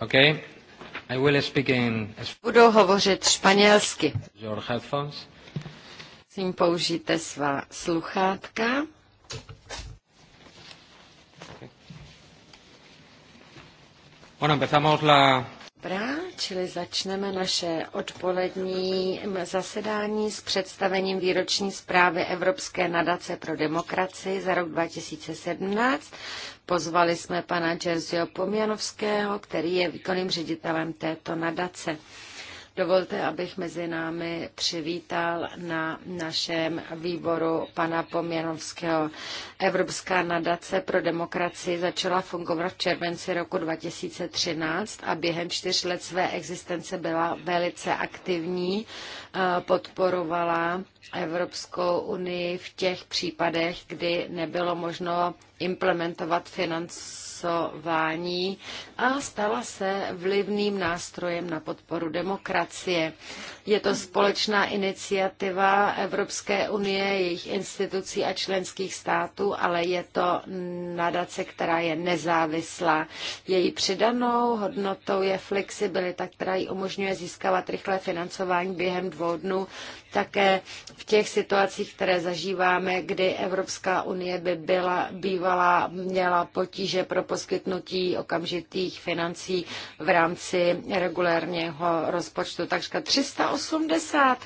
Okay. I will speak in... Budu hovořit španělsky. Your headphones. použijte svá sluchátka. Bueno, empezamos la čili začneme naše odpolední zasedání s představením výroční zprávy Evropské nadace pro demokracii za rok 2017. Pozvali jsme pana Jerzyho Pomjanovského, který je výkonným ředitelem této nadace. Dovolte, abych mezi námi přivítal na našem výboru pana Poměnovského. Evropská nadace pro demokracii začala fungovat v červenci roku 2013 a během čtyř let své existence byla velice aktivní, eh, podporovala Evropskou unii v těch případech, kdy nebylo možno implementovat financování a stala se vlivným nástrojem na podporu demokracie. Je to společná iniciativa Evropské unie, jejich institucí a členských států, ale je to nadace, která je nezávislá. Její přidanou hodnotou je flexibilita, která ji umožňuje získávat rychlé financování během dvou dnů také v těch situacích, které zažíváme, kdy Evropská unie by byla, bývala, měla potíže pro poskytnutí okamžitých financí v rámci regulérního rozpočtu. Takže 380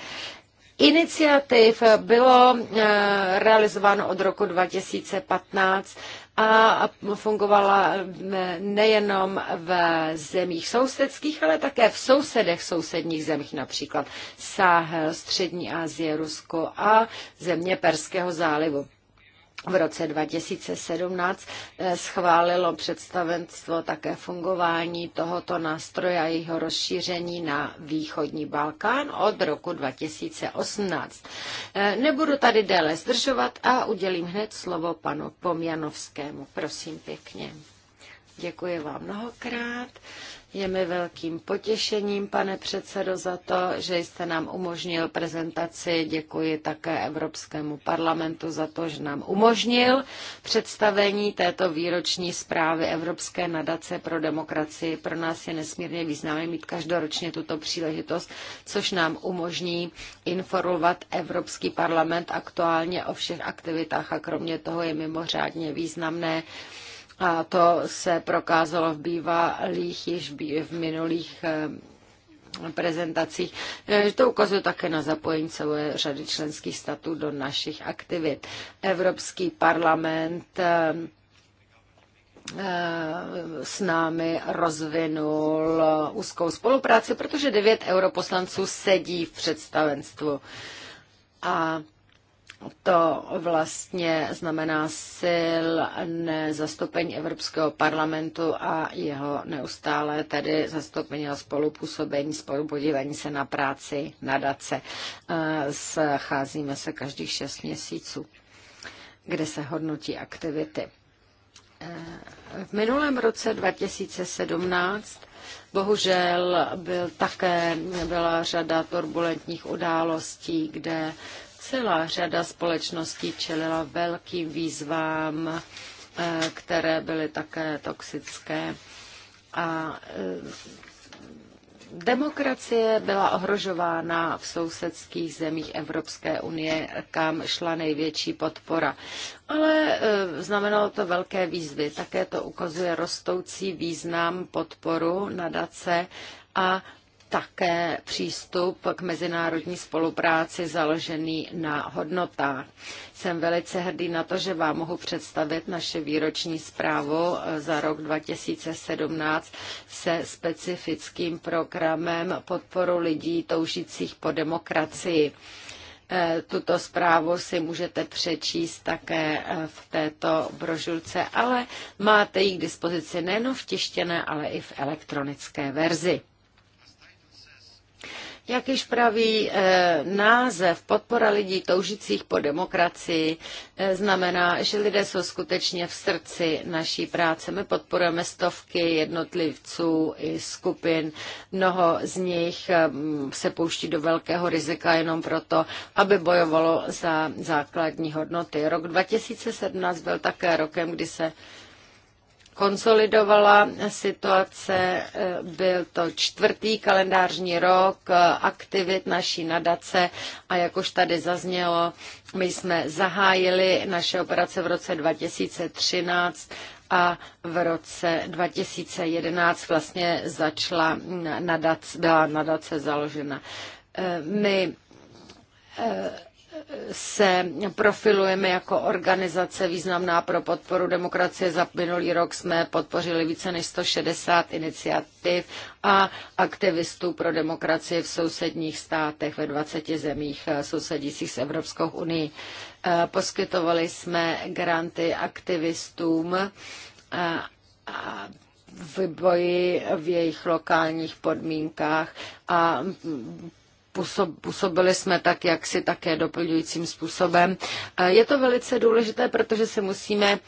iniciativ bylo eh, realizováno od roku 2015 a fungovala nejenom v zemích sousedských, ale také v sousedech sousedních zemích, například Sáhel, Střední Asie, Rusko a země Perského zálivu. V roce 2017 eh, schválilo představenstvo také fungování tohoto nástroje a jeho rozšíření na východní Balkán od roku 2018. Eh, nebudu tady déle zdržovat a udělím hned slovo panu Pomjanovskému. Prosím pěkně. Děkuji vám mnohokrát. Je mi velkým potěšením, pane předsedo, za to, že jste nám umožnil prezentaci. Děkuji také Evropskému parlamentu za to, že nám umožnil představení této výroční zprávy Evropské nadace pro demokracii. Pro nás je nesmírně významné mít každoročně tuto příležitost, což nám umožní informovat Evropský parlament aktuálně o všech aktivitách a kromě toho je mimořádně významné, a to se prokázalo v bývalých již v minulých eh, prezentacích. Eh, to ukazuje také na zapojení celé řady členských států do našich aktivit. Evropský parlament eh, s námi rozvinul úzkou spolupráci, protože devět europoslanců sedí v představenstvu. A to vlastně znamená silné zastoupení Evropského parlamentu a jeho neustále tedy zastoupení a spolupůsobení, spolupodívání se na práci DACE. Scházíme se každých šest měsíců, kde se hodnotí aktivity. V minulém roce 2017 bohužel byl také, byla řada turbulentních událostí, kde Celá řada společností čelila velkým výzvám, eh, které byly také toxické. A eh, Demokracie byla ohrožována v sousedských zemích Evropské unie, kam šla největší podpora. Ale eh, znamenalo to velké výzvy. Také to ukazuje rostoucí význam podporu nadace a také přístup k mezinárodní spolupráci založený na hodnotách. Jsem velice hrdý na to, že vám mohu představit naše výroční zprávu eh, za rok 2017 se specifickým programem podporu lidí toužících po demokracii. Eh, tuto zprávu si můžete přečíst také eh, v této brožurce, ale máte ji k dispozici nejen v tištěné, ale i v elektronické verzi. Jak již praví eh, název podpora lidí toužících po demokracii, eh, znamená, že lidé jsou skutečně v srdci naší práce. My podporujeme stovky jednotlivců i skupin. Mnoho z nich eh, se pouští do velkého rizika jenom proto, aby bojovalo za základní hodnoty. Rok 2017 byl také rokem, kdy se konsolidovala situace. Eh, byl to čtvrtý kalendářní rok eh, aktivit naší nadace a jak už tady zaznělo, my jsme zahájili naše operace v roce 2013 a v roce 2011 vlastně začala nadace, byla nadace založena. Eh, my se profilujeme jako organizace významná pro podporu demokracie. Za minulý rok jsme podpořili více než 160 iniciativ a aktivistů pro demokracii v sousedních státech ve 20 zemích eh, sousedících s Evropskou unii. Eh, poskytovali jsme granty aktivistům eh, v boji v jejich lokálních podmínkách a působili jsme tak, jak si také doplňujícím způsobem. Eh, je to velice důležité, protože se musíme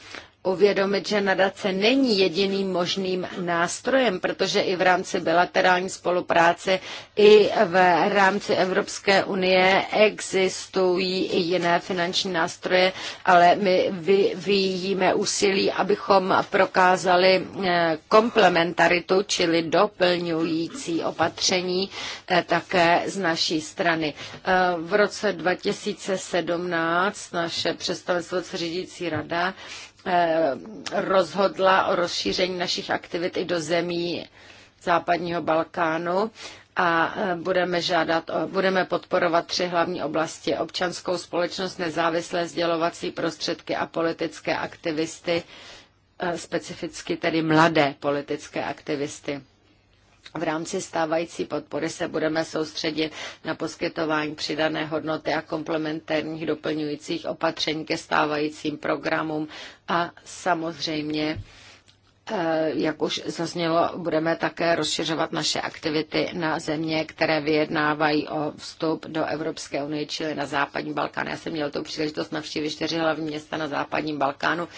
uvědomit, že nadace není jediným možným nástrojem, protože i v rámci bilaterální spolupráce, i v rámci Evropské unie existují i jiné finanční nástroje, ale my vyvíjíme úsilí, abychom prokázali eh, komplementaritu, čili doplňující opatření eh, také z naší strany. Eh, v roce 2017 naše představenstvo řídící rada Eh, rozhodla o rozšíření našich aktivit i do zemí západního Balkánu a eh, budeme, žádat, budeme podporovat tři hlavní oblasti. Občanskou společnost, nezávislé sdělovací prostředky a politické aktivisty, eh, specificky tedy mladé politické aktivisty. V rámci stávající podpory se budeme soustředit na poskytování přidané hodnoty a komplementárních doplňujících opatření ke stávajícím programům a samozřejmě eh, jak už zaznělo, budeme také rozšiřovat naše aktivity na země, které vyjednávají o vstup do Evropské unie, čili na západní Balkán. Já jsem měl tu příležitost navštívit čtyři hlavní města na západním Balkánu.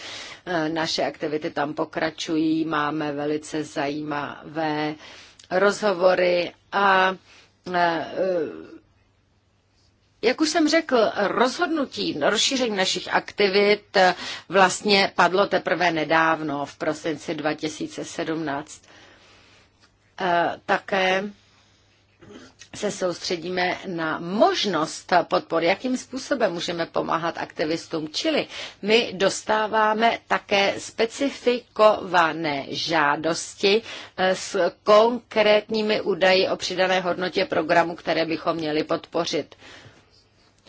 Eh, naše aktivity tam pokračují, máme velice zajímavé rozhovory a e, e, jak už jsem řekl, rozhodnutí rozšíření našich aktivit e, vlastně padlo teprve nedávno, v prosinci 2017. Také se soustředíme na možnost podpor, jakým způsobem můžeme pomáhat aktivistům. Čili my dostáváme také specifikované žádosti eh, s konkrétními údaji o přidané hodnotě programu, které bychom měli podpořit.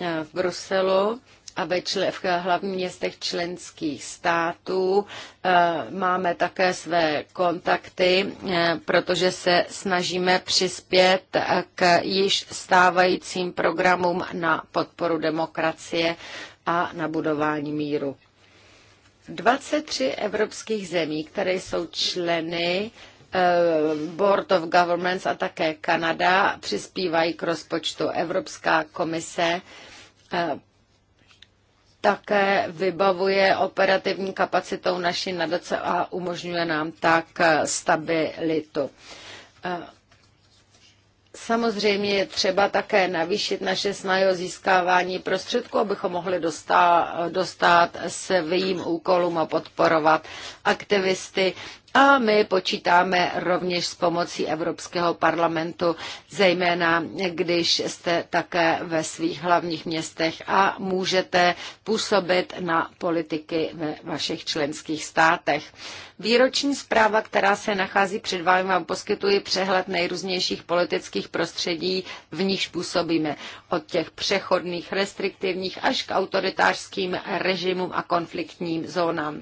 Eh, v Bruselu a ve čl- v hlavních městech členských států eh, máme také své kontakty, eh, protože se snažíme přispět k již stávajícím programům na podporu demokracie a na budování míru. 23 evropských zemí, které jsou členy eh, Board of Governments a také Kanada přispívají k rozpočtu. Evropská komise také vybavuje operativní kapacitou naší nadace a umožňuje nám tak stabilitu. Samozřejmě je třeba také navýšit naše snahy o získávání prostředků, abychom mohli dostat, dostat svým úkolům a podporovat aktivisty a my počítáme rovněž s pomocí Evropského parlamentu, zejména když jste také ve svých hlavních městech a můžete působit na politiky ve vašich členských státech. Výroční zpráva, která se nachází před vámi, vám poskytuje přehled nejrůznějších politických prostředí, v nichž působíme. Od těch přechodných, restriktivních až k autoritářským režimům a konfliktním zónám.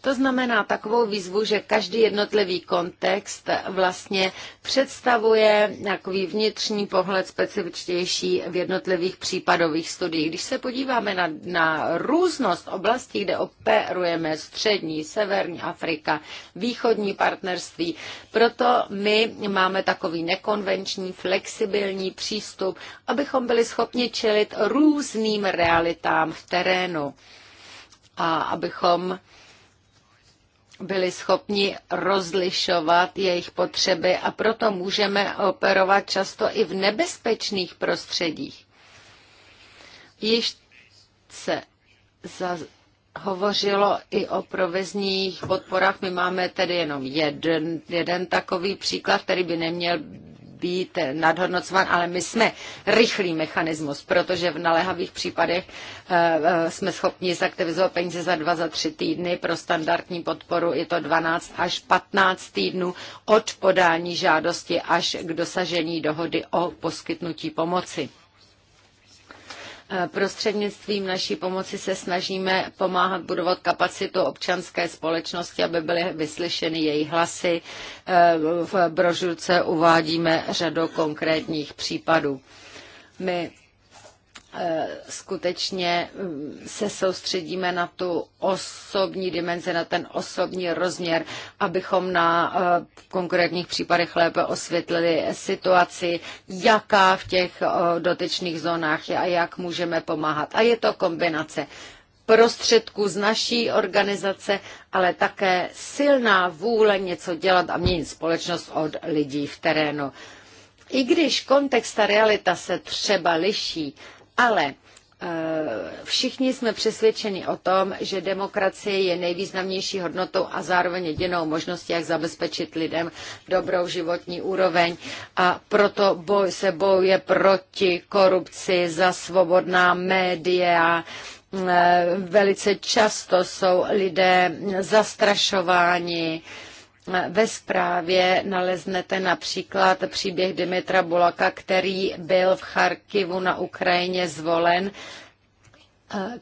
To znamená takovou výzvu, že každý jednotlivý kontext vlastně představuje takový vnitřní pohled specifičtější v jednotlivých případových studiích. Když se podíváme na, na různost oblastí, kde operujeme střední, severní Afrika, východní partnerství, proto my máme takový nekonvenční, flexibilní přístup, abychom byli schopni čelit různým realitám v terénu a abychom byli schopni rozlišovat jejich potřeby a proto můžeme operovat často i v nebezpečných prostředích. Již se za, hovořilo i o provizních podporách. My máme tedy jenom jeden, jeden takový příklad, který by neměl být nadhodnocován, ale my jsme rychlý mechanismus, protože v naléhavých případech eh, eh, jsme schopni zaktivizovat peníze za dva, za tři týdny. Pro standardní podporu je to 12 až 15 týdnů od podání žádosti až k dosažení dohody o poskytnutí pomoci. Eh, prostřednictvím naší pomoci se snažíme pomáhat budovat kapacitu občanské společnosti, aby byly vyslyšeny její hlasy. Eh, v brožurce uvádíme řadu konkrétních případů. My Eh, skutečně mm, se soustředíme na tu osobní dimenzi, na ten osobní rozměr, abychom na eh, konkrétních případech lépe osvětlili situaci, jaká v těch eh, dotyčných zónách je a jak můžeme pomáhat. A je to kombinace prostředků z naší organizace, ale také silná vůle něco dělat a měnit společnost od lidí v terénu. I když kontext a realita se třeba liší, ale eh, Všichni jsme přesvědčeni o tom, že demokracie je nejvýznamnější hodnotou a zároveň jedinou možností, jak zabezpečit lidem dobrou životní úroveň. A proto boj se bojuje proti korupci, za svobodná média. Eh, velice často jsou lidé zastrašováni ve zprávě naleznete například příběh Dimitra Bulaka, který byl v Charkivu na Ukrajině zvolen,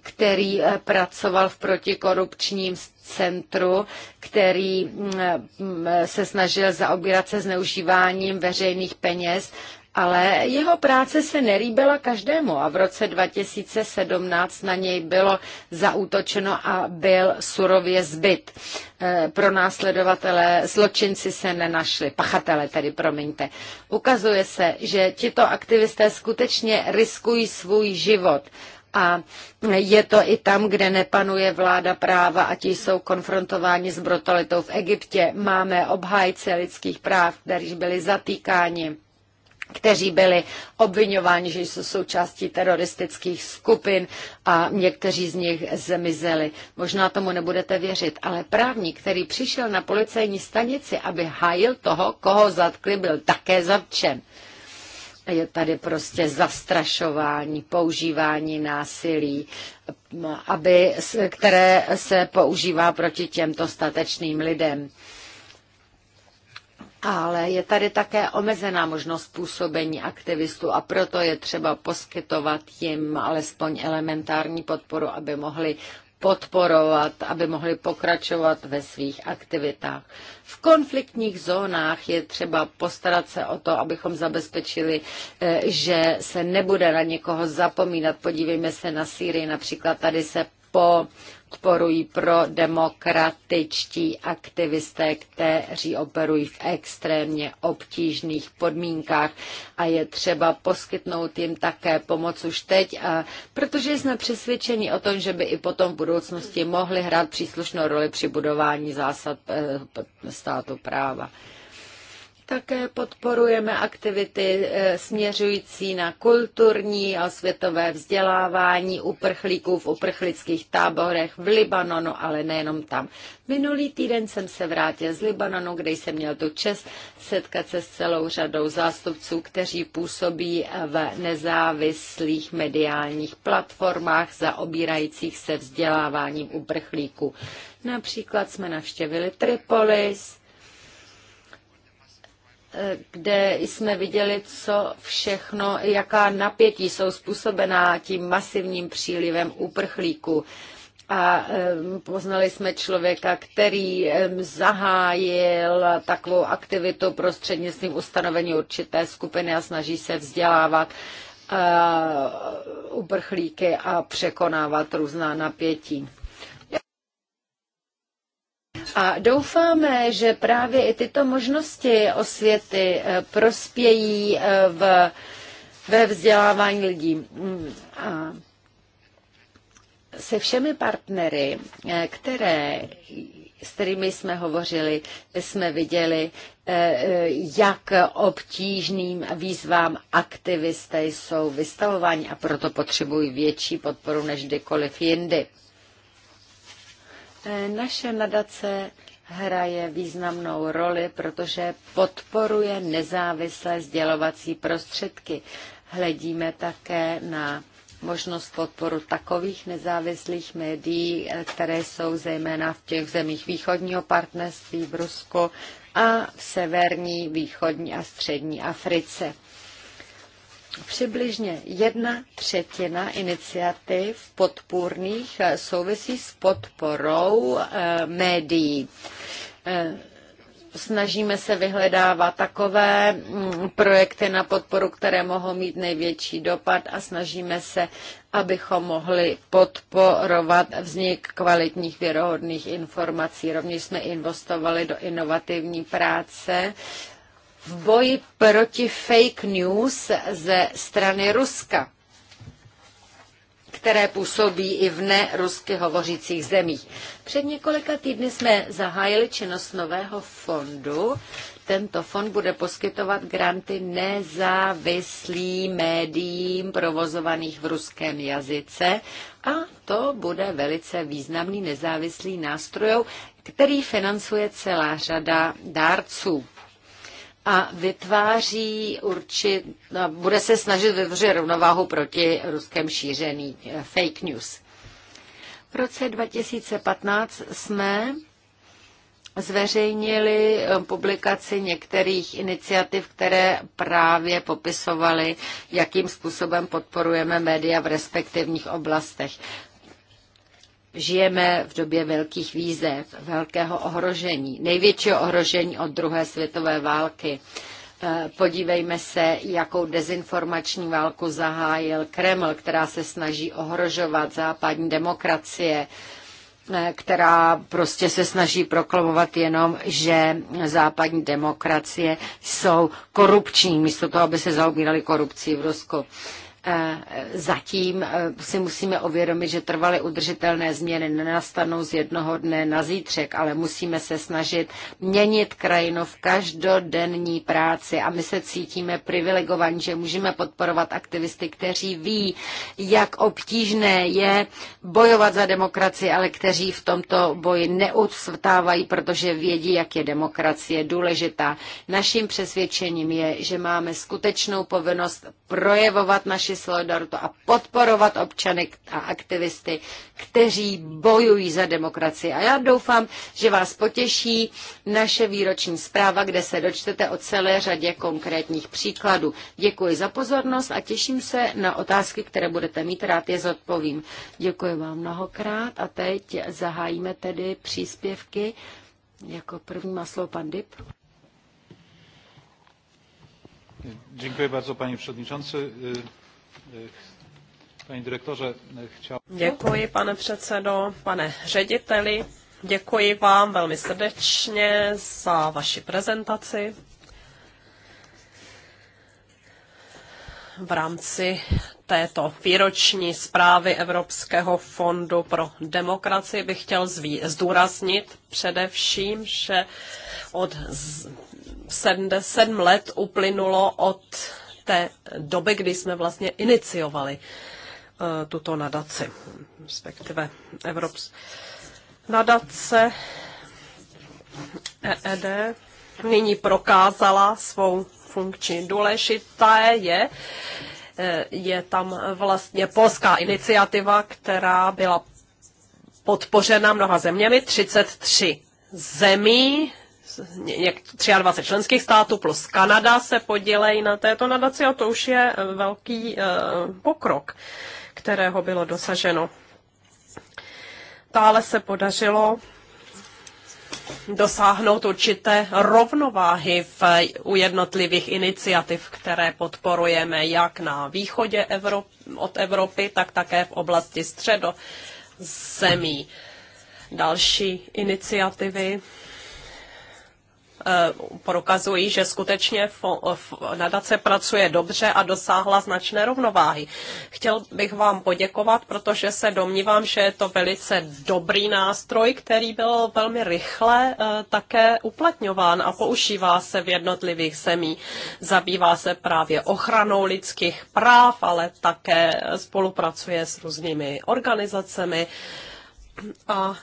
který pracoval v protikorupčním centru, který mm, se snažil zaobírat se zneužíváním veřejných peněz ale jeho práce se nelíbila každému a v roce 2017 na něj bylo zaútočeno a byl surově zbyt. E, Pro následovatele zločinci se nenašli, pachatele tedy, promiňte. Ukazuje se, že tito aktivisté skutečně riskují svůj život a je to i tam, kde nepanuje vláda práva a ti jsou konfrontováni s brutalitou. V Egyptě máme obhájce lidských práv, kteří byli zatýkáni kteří byli obvinováni, že jsou součástí teroristických skupin a někteří z nich zemizeli. Možná tomu nebudete věřit, ale právník, který přišel na policejní stanici, aby hájil toho, koho zatkli, byl také zatčen. Je tady prostě zastrašování, používání násilí, aby, které se používá proti těmto statečným lidem. Ale je tady také omezená možnost působení aktivistů a proto je třeba poskytovat jim alespoň elementární podporu, aby mohli podporovat, aby mohli pokračovat ve svých aktivitách. V konfliktních zónách je třeba postarat se o to, abychom zabezpečili, eh, že se nebude na někoho zapomínat. Podívejme se na Sýrii, například tady se po podporují pro demokratičtí aktivisté, kteří operují v extrémně obtížných podmínkách a je třeba poskytnout jim také pomoc už teď, a protože jsme přesvědčeni o tom, že by i potom v budoucnosti mohli hrát příslušnou roli při budování zásad eh, státu práva. Také podporujeme aktivity eh, směřující na kulturní a světové vzdělávání uprchlíků v uprchlických táborech v Libanonu, ale nejenom tam. Minulý týden jsem se vrátil z Libanonu, kde jsem měl tu čest setkat se s celou řadou zástupců, kteří působí v nezávislých mediálních platformách zaobírajících se vzděláváním uprchlíků. Například jsme navštěvili Tripolis, kde jsme viděli, co všechno, jaká napětí jsou způsobená tím masivním přílivem uprchlíků. A poznali jsme člověka, který zahájil takovou aktivitu prostřednictvím ustanovení určité skupiny a snaží se vzdělávat eh, uprchlíky a překonávat různá napětí. A doufáme, že právě i tyto možnosti osvěty eh, prospějí eh, v, ve vzdělávání lidí. Mm, a se všemi partnery, eh, které, s kterými jsme hovořili, jsme viděli, jak obtížným výzvám aktivisté jsou vystavováni a proto potřebují větší podporu než kdykoliv jindy. E, naše nadace hraje významnou roli, protože podporuje nezávislé sdělovací prostředky. Hledíme také na možnost podporu takových nezávislých médií, e, které jsou zejména v těch zemích východního partnerství v Rusku a v severní, východní a střední Africe. Přibližně jedna třetina iniciativ podpůrných eh, souvisí s podporou eh, médií eh, snažíme se vyhledávat takové mm, projekty na podporu, které mohou mít největší dopad a snažíme se, abychom mohli podporovat vznik kvalitních věrohodných informací. Rovněž jsme investovali do inovativní práce v boji proti fake news ze strany Ruska, které působí i v nerusky hovořících zemích. Před několika týdny jsme zahájili činnost nového fondu. Tento fond bude poskytovat granty nezávislým médiím provozovaných v ruském jazyce a to bude velice významný nezávislý nástroj, který financuje celá řada dárců a vytváří určit, bude se snažit vytvořit rovnováhu proti ruském šíření eh, fake news. V roce 2015 jsme zveřejnili eh, publikaci některých iniciativ, které právě popisovaly, jakým způsobem podporujeme média v respektivních oblastech žijeme v době velkých výzev, velkého ohrožení, největšího ohrožení od druhé světové války. E, podívejme se, jakou dezinformační válku zahájil Kreml, která se snaží ohrožovat západní demokracie, e, která prostě se snaží proklamovat jenom, že západní demokracie jsou korupční, místo toho, aby se zaobírali korupcí v Rusku. E, zatím e, si musíme ovědomit, že trvaly udržitelné změny nenastanou z jednoho dne na zítřek, ale musíme se snažit měnit krajinu v každodenní práci a my se cítíme privilegovaní, že můžeme podporovat aktivisty, kteří ví, jak obtížné je bojovat za demokracii, ale kteří v tomto boji neucvtávají, protože vědí, jak je demokracie důležitá. Naším přesvědčením je, že máme skutečnou povinnost projevovat naši solidaritu a podporovat občany a aktivisty, kteří bojují za demokracii. A já doufám, že vás potěší naše výroční zpráva, kde se dočtete o celé řadě konkrétních příkladů. Děkuji za pozornost a těším se na otázky, které budete mít, rád je zodpovím. Děkuji vám mnohokrát a teď zahájíme tedy příspěvky. Jako první má slovo pan Dip. Dziękuję bardzo panie przewodniczący chtěl... Děkuji, pane předsedo, pane řediteli. Děkuji vám velmi srdečně za vaši prezentaci. v rámci této výroční zprávy Evropského fondu pro demokracii bych chtěl zdůraznit především, že od 77 let uplynulo od té doby, kdy jsme vlastně iniciovali e, tuto nadaci, respektive Evrops. Nadace EED nyní prokázala svou funkční. Důležitá je, e, je tam vlastně polská iniciativa, která byla podpořena mnoha zeměmi, 33 zemí 23 členských států plus Kanada se podělejí na této nadaci a to už je e, velký e, pokrok, kterého bylo dosaženo. Dále se podařilo dosáhnout určité rovnováhy v, u jednotlivých iniciativ, které podporujeme jak na východě Evrop, od Evropy, tak také v oblasti středo zemí. Další iniciativy Eh, prokazují, že skutečně nadace pracuje dobře a dosáhla značné rovnováhy. Chtěl bych vám poděkovat, protože se domnívám, že je to velice dobrý nástroj, který byl velmi rychle eh, také uplatňován a používá se v jednotlivých zemí. Zabývá se právě ochranou lidských práv, ale také spolupracuje s různými organizacemi a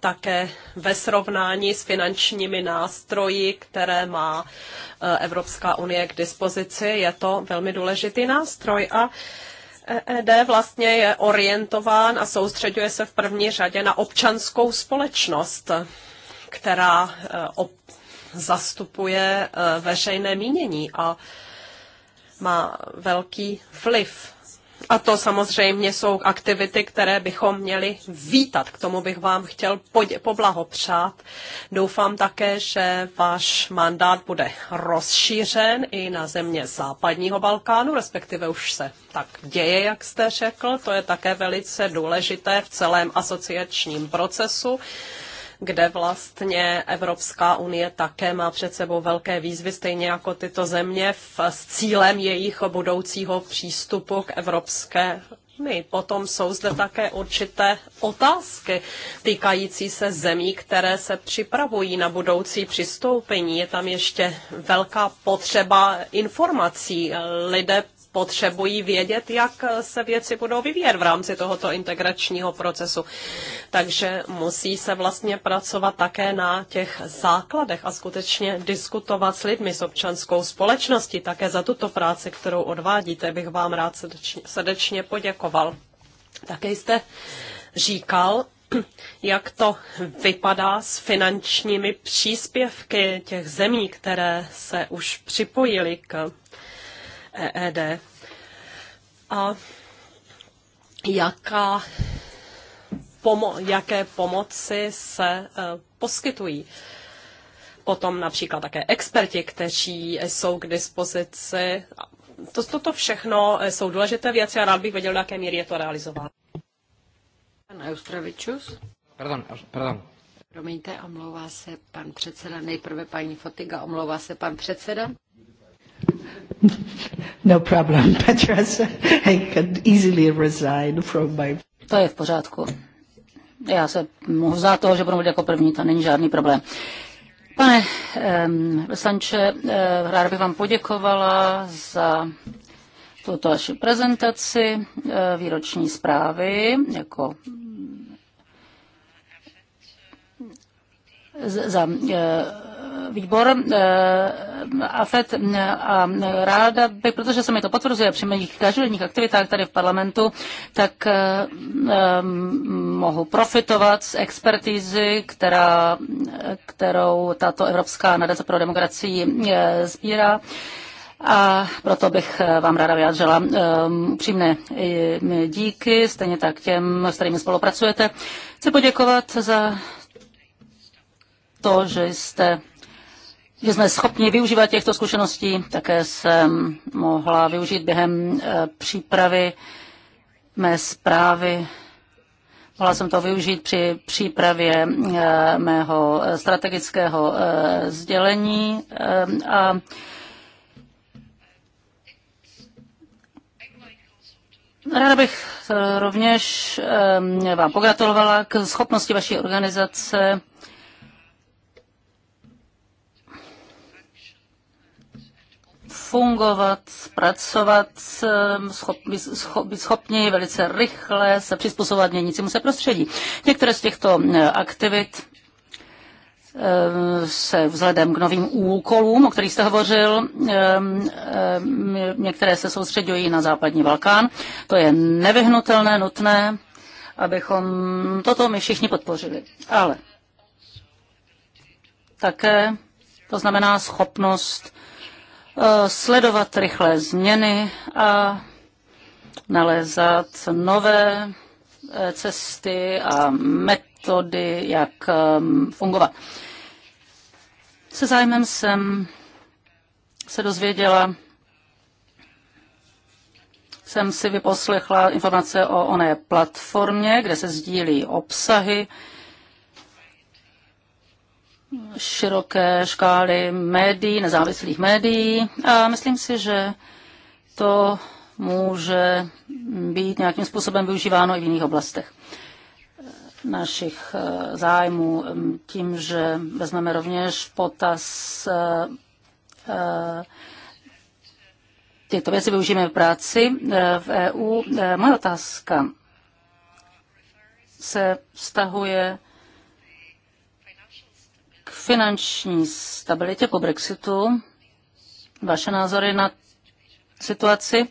také ve srovnání s finančními nástroji, které má eh, Evropská unie k dispozici. Je to velmi důležitý nástroj a ED e vlastně je orientován a soustředuje se v první řadě na občanskou společnost, která eh, zastupuje eh, veřejné mínění a má velký vliv a to samozřejmě jsou aktivity, které bychom měli vítat. K tomu bych vám chtěl poblahopřát. Doufám také, že váš mandát bude rozšířen i na země západního Balkánu, respektive už se tak děje, jak jste řekl. To je také velice důležité v celém asociačním procesu kde vlastně Evropská unie také má před sebou velké výzvy, stejně jako tyto země, v, s cílem jejich budoucího přístupu k Evropské my. Potom jsou zde také určité otázky týkající se zemí, které se připravují na budoucí přistoupení. Je tam ještě velká potřeba informací. Lidé potřebují vědět, jak se věci budou vyvíjet v rámci tohoto integračního procesu. Takže musí se vlastně pracovat také na těch základech a skutečně diskutovat s lidmi, s občanskou společností. Také za tuto práci, kterou odvádíte, bych vám rád srdečně, srdečně poděkoval. Také jste říkal, jak to vypadá s finančními příspěvky těch zemí, které se už připojily k EED a jaká pomo- jaké pomoci se e, poskytují. Potom například také experti, kteří jsou k dispozici. To, toto všechno jsou důležité věci a rád bych věděl, do jaké míry je to realizováno. Pan Eustravičus. Pardon, pardon. Promiňte, omlouvá se pan předseda. Nejprve paní Fotiga, omlouvá se pan předseda. No problem, Petras. I could easily resign from my... To je v pořádku. Já se mohu za toho, že budu jako první, to není žádný problém. Pane um, Sanče, uh, ráda bych vám poděkovala za tuto vaši prezentaci uh, výroční zprávy jako za, za eh, výbor eh, AFET eh, a eh, ráda bych, protože se mi to potvrzuje při mých každodenních aktivitách tady v parlamentu, tak mohu profitovat z expertízy, která, kterou tato Evropská nadace pro demokracii sbírá. A proto bych vám ráda vyjádřila upřímné díky, stejně tak těm, s kterými spolupracujete. Chci poděkovat za to, že jste že jsme schopni využívat těchto zkušeností. Také jsem mohla využít během eh, přípravy mé zprávy. Mohla jsem to využít při přípravě eh, mého strategického eh, sdělení a Ráda bych rovněž vám pogratulovala k schopnosti vaší organizace fungovat, zpracovat, eh, být schopni velice rychle se přizpůsobovat měnícímu se prostředí. Některé z těchto eh, aktivit eh, se vzhledem k novým úkolům, o kterých jste hovořil, některé se soustředují na západní Balkán. To je nevyhnutelné, nutné, abychom toto my všichni podpořili. Ale také to znamená schopnost Eh, sledovat rychlé změny a nalézat nové eh, cesty a metody, jak ehm, fungovat. Se zájmem jsem se dozvěděla, jsem si vyposlechla informace o oné platformě, kde se sdílí obsahy, široké škály médií, nezávislých médií a myslím si, že to může být nějakým způsobem využíváno i v jiných oblastech našich eh, zájmů tím, že vezmeme rovněž potaz eh, eh, tyto věci využijeme v práci v EU. Moje otázka se vztahuje finanční stabilitě po Brexitu, vaše názory na situaci.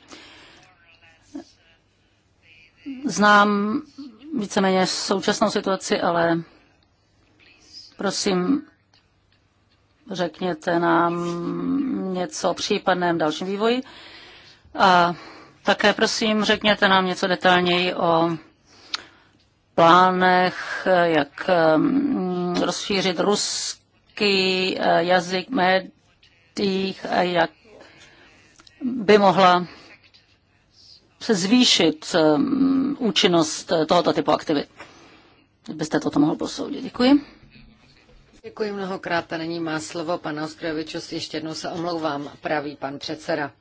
Znám víceméně současnou situaci, ale prosím, řekněte nám něco o případném dalším vývoji. A také prosím, řekněte nám něco detailněji o plánech, jak mm, rozšířit ruský jaký eh, jazyk médiích a jak by mohla se zvýšit eh, účinnost eh, tohoto typu aktivit. Byste toto mohl posoudit. Děkuji. Děkuji mnohokrát a není má slovo pana Ostrojevičus. Ještě jednou se omlouvám, pravý pan předseda.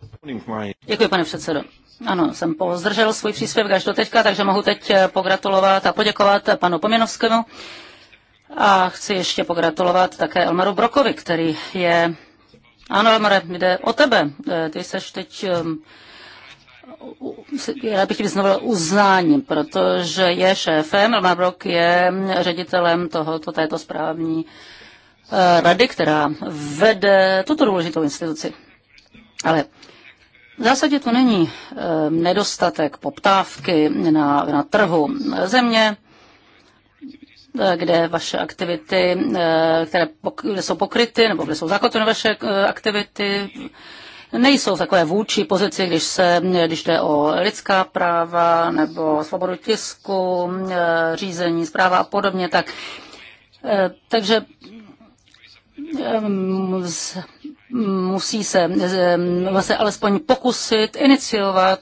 Děkuji, pane předsedo. Ano, jsem pozdržel svůj příspěvek až do teďka, takže mohu teď pogratulovat a poděkovat panu Poměnovskému a chci ještě pogratulovat také Elmaru Brokovi, který je... Ano, Elmare, jde o tebe. E, ty seš teď já bych vyznavala uznání, protože je šéfem, Elmar Brok je ředitelem tohoto, této správní e, rady, která vede tuto důležitou instituci. Ale v zásadě to není nedostatek poptávky na, na trhu země Eh, kde vaše aktivity, eh, které jsou pokryty nebo kde jsou zakotveny vaše eh, aktivity, nejsou v takové vůči pozici, když, se, když jde o lidská práva nebo svobodu tisku, řízení, zpráva a podobně, tak takže musí se, vlastně alespoň pokusit iniciovat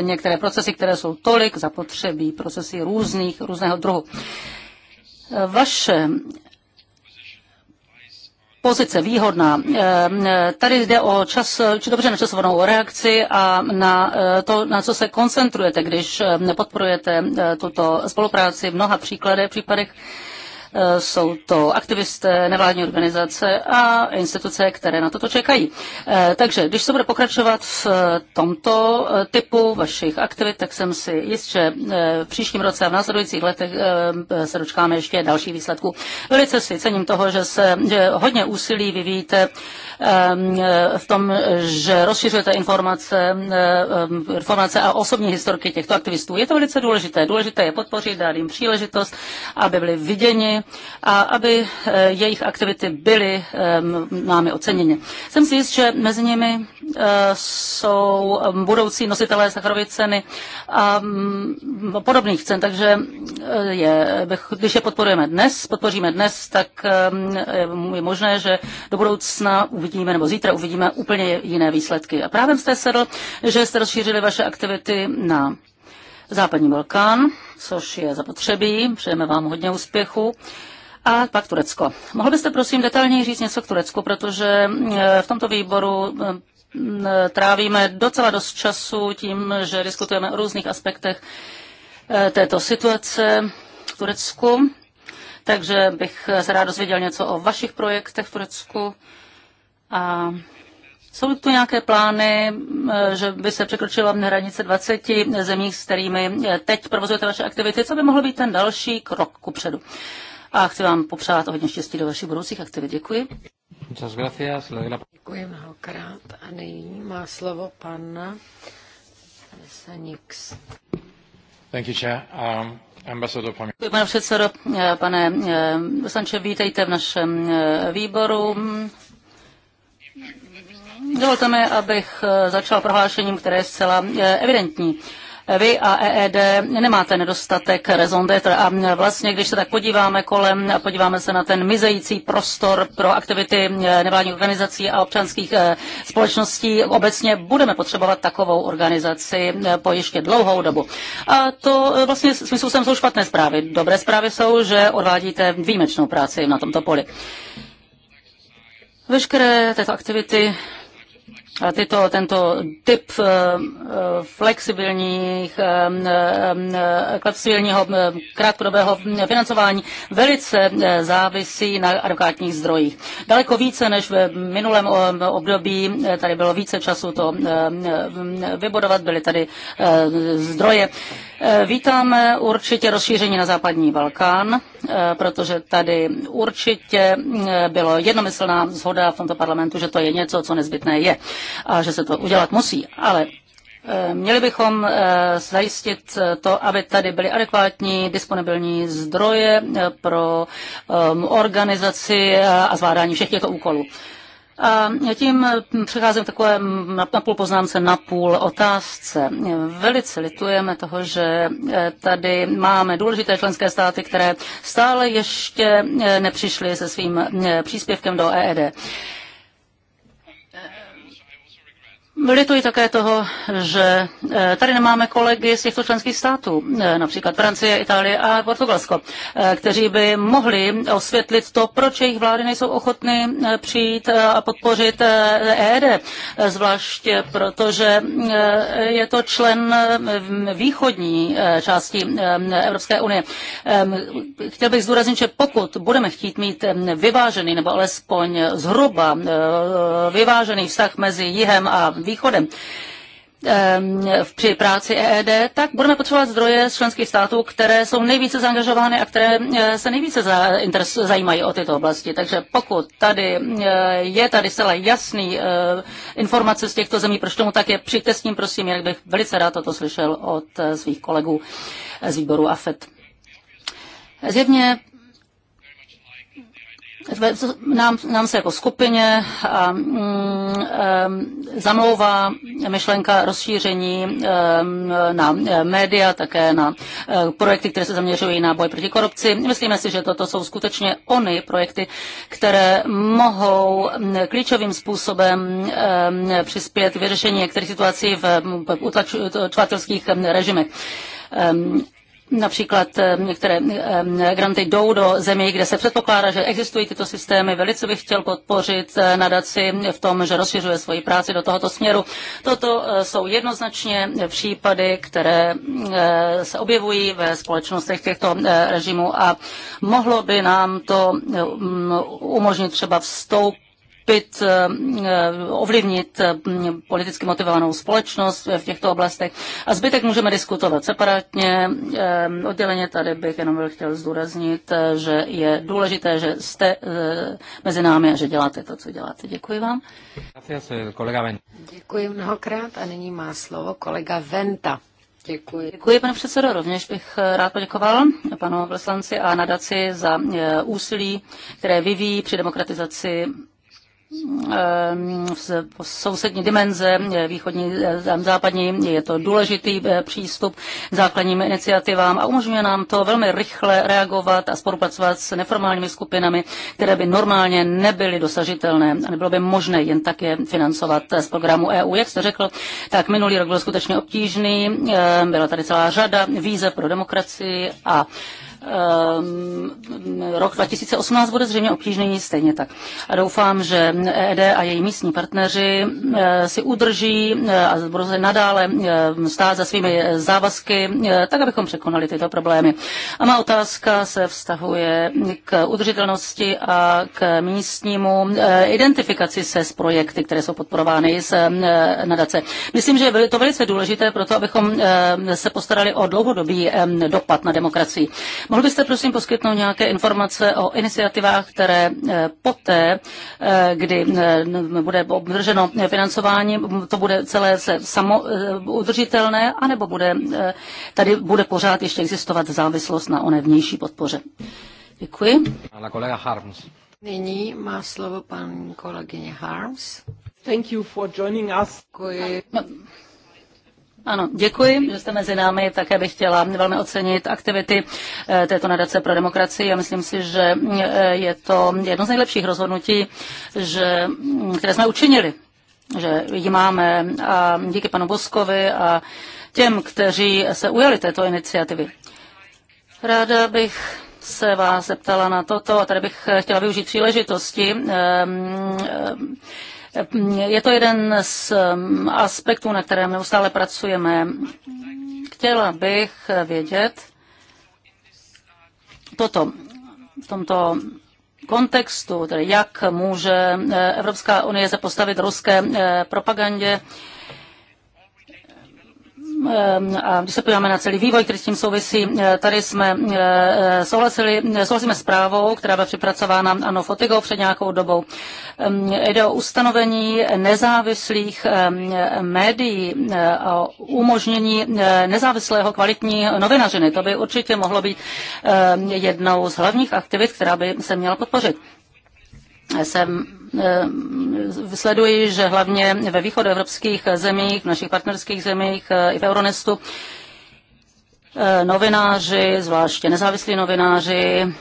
některé procesy, které jsou tolik zapotřebí, procesy různých, různého druhu. Vaše pozice výhodná. Eh, tady jde o čas, či dobře načasovanou reakci a na eh, to, na co se koncentrujete, když nepodporujete eh, tuto spolupráci v mnoha příkladech, případech Eh, jsou to aktivisté, nevládní organizace a instituce, které na toto čekají. Eh, takže když se bude pokračovat v eh, tomto typu vašich aktivit, tak jsem si jist, že v příštím roce a v následujících letech se dočkáme ještě další výsledků. Velice si cením toho, že se že hodně úsilí vyvíjíte Ehm, eh, v tom, že rozšiřujete informace, eh, informace a osobní historky těchto aktivistů. Je to velice důležité. Důležité je podpořit, dát jim příležitost, aby byli viděni a aby eh, jejich aktivity byly ehm, námi oceněny. Jsem si jist, že mezi nimi jsou ehm, budoucí nositelé Sacharovy ceny a mm, podobných cen, takže je, když je podporujeme dnes, podpoříme dnes, tak je možné, že do budoucna uvidíme, nebo zítra uvidíme úplně jiné výsledky. A právě jste sedl, že jste rozšířili vaše aktivity na západní Balkán, což je zapotřebí. Přejeme vám hodně úspěchu. A pak Turecko. Mohl byste prosím detailněji říct něco k Turecku, protože eh, v tomto výboru eh, eh, trávíme docela dost času tím, že diskutujeme o různých aspektech této situace v Turecku. Takže bych se rád dozvěděl něco o vašich projektech v Turecku a jsou tu nějaké plány, eh, že by se překročila hranice 20 zemí, s kterými eh, teď provozujete vaše aktivity? Co by mohl být ten další krok ku předu? A chci vám popřát hodně štěstí do vašich budoucích aktivit. Děkuji. Děkuji mnohokrát. A nyní má slovo pan Sanix. Thank you, Chair. Um, Děkuji, pane předsedo, eh, pane Sanče, vítejte v našem výboru. Dovolte mi, abych eh, začal prohlášením, které je zcela eh, evidentní vy a EED nemáte nedostatek raison d'être a eh, vlastně, když se tak podíváme kolem a podíváme se na ten mizející prostor pro aktivity nevládních organizací a občanských společností, obecně budeme potřebovat takovou organizaci po ještě dlouhou dobu. A to vlastně smyslu, způsobem jsou špatné zprávy. Dobré zprávy jsou, že odvádíte výjimečnou práci na tomto poli. Veškeré této aktivity tyto, tento typ eh, eh, flexibilních, eh, flexibilního krátkodobého financování velice závisí na advokátních zdrojích. Daleko více než v minulém období, tady bylo více času to vybudovat, byly tady zdroje. Eh, Vítáme eh, určitě rozšíření na západní Balkán, eh, protože tady určitě bylo jednomyslná zhoda v tomto parlamentu, že to je něco, co nezbytné je a že se to udělat musí. Ale Měli bychom zajistit to, aby tady byly adekvátní disponibilní zdroje pro organizaci a zvládání všech těchto úkolů. A tím hm, přecházím takové hm, na půl poznámce, na půl otázce. Velice litujeme toho, že eh, tady máme důležité členské státy, které stále ještě eh, nepřišly se svým eh, příspěvkem do EED. Lituji také toho, že eh, tady nemáme kolegy z těchto členských států, eh, například Francie, Itálie a Portugalsko, eh, kteří by mohli osvětlit to, proč jejich vlády nejsou ochotny přijít a podpořit ED, e e zvláště protože je to člen východní části Evropské unie. Chtěl bych zdůraznit, že pokud budeme chtít mít vyvážený nebo alespoň zhruba vyvážený vztah mezi jihem a východem ehm, při práci EED, tak budeme potřebovat zdroje z členských států, které jsou nejvíce zaangažovány a které eh, se nejvíce zajímají o tyto oblasti. Takže pokud tady eh, je tady zcela jasný eh, informace z těchto zemí, proč tomu tak je, přijďte s tím, prosím, jak bych velice rád toto slyšel od svých kolegů z výboru AFET. Zjevně nám, nám se jako skupině a, um, zamlouvá myšlenka rozšíření um, na e, média, také na uh, projekty, které se zaměřují na boj proti korupci. Myslíme si, že toto jsou skutečně ony projekty, které mohou mm, klíčovým způsobem um, přispět k vyřešení některých situací v utlačovatelských režimech. Například eh, některé eh, granty jdou do zemí, kde se předpokládá, že existují tyto systémy. Velice bych chtěl podpořit eh, nadaci v tom, že rozšiřuje svoji práci do tohoto směru. Toto jsou jednoznačně případy, které se objevují ve společnostech těchto režimů a mohlo by nám to um, umožnit třeba vstoup uchopit, eh, eh, ovlivnit eh, politicky motivovanou společnost v těchto oblastech. A zbytek můžeme diskutovat separátně. Odděleně tady bych jenom byl chtěl zdůraznit, že je důležité, že jste mezi námi a že děláte to, co děláte. Děkuji vám. Děkuji mnohokrát a nyní má slovo kolega Venta. Děkuji. Děkuji, pane předsedo. Rovněž bych rád poděkoval panu poslanci a nadaci za úsilí, které vyvíjí při demokratizaci Ehm, sousední dimenze, východní, e, západní, je to důležitý e, přístup k základním iniciativám a umožňuje nám to velmi rychle reagovat a spolupracovat s neformálními skupinami, které by normálně nebyly dosažitelné a nebylo by možné jen tak je financovat z programu EU. Jak jste řekl, tak minulý rok byl skutečně obtížný, e, byla tady celá řada výzev pro demokracii a Ehm, rok 2018 bude zřejmě obtížný stejně tak. A doufám, že ED a její místní partneři eh, si udrží eh, a budou se nadále eh, stát za svými závazky, tak abychom překonali tyto problémy. A má otázka se vztahuje k udržitelnosti a k místnímu identifikaci se s projekty, které jsou podporovány z nadace. Myslím, že je to velice důležité pro to, abychom se postarali o dlouhodobý dopad na demokracii. Mohl byste prosím poskytnout nějaké informace o iniciativách, které eh, poté, eh, kdy eh, bude obdrženo financování, to bude celé se samo udržitelné, anebo bude, tady bude pořád ještě existovat závislost na oné vnější podpoře. Děkuji. Na kolega Harms. Nyní má slovo pan kolegyně Harms. Thank you for joining us. Děkuji. No ano, děkuji, že jste mezi námi. Také bych chtěla velmi ocenit aktivity eh, této nadace pro demokracii. Já myslím si, že eh, je to jedno z nejlepších rozhodnutí, že, mm, které jsme učinili, že ji máme a díky panu Boskovi a těm, kteří se ujali této iniciativy. Ráda bych se vás zeptala na toto a tady bych chtěla využít příležitosti. Um, um, je to jeden z um, aspektů, na kterém neustále pracujeme. Chtěla bych vědět toto, v tomto kontextu, tedy jak může eh, Evropská unie se postavit ruské eh, propagandě, Ehm, a když se podíváme na celý vývoj, který s tím souvisí, eh, tady jsme eh, souhlasili, souhlasíme s právou, která byla připracována Ano Fotigou před nějakou dobou. Ehm, jde o ustanovení nezávislých ehm, médií, eh, a umožnění nezávislého kvalitní novinařiny. To by určitě mohlo být jednou z hlavních aktivit, která by se měla podpořit. Jsem Eh, sleduji, že hlavně ve východoevropských zemích, v našich partnerských zemích eh, i v Euronestu, eh, novináři, zvláště nezávislí novináři,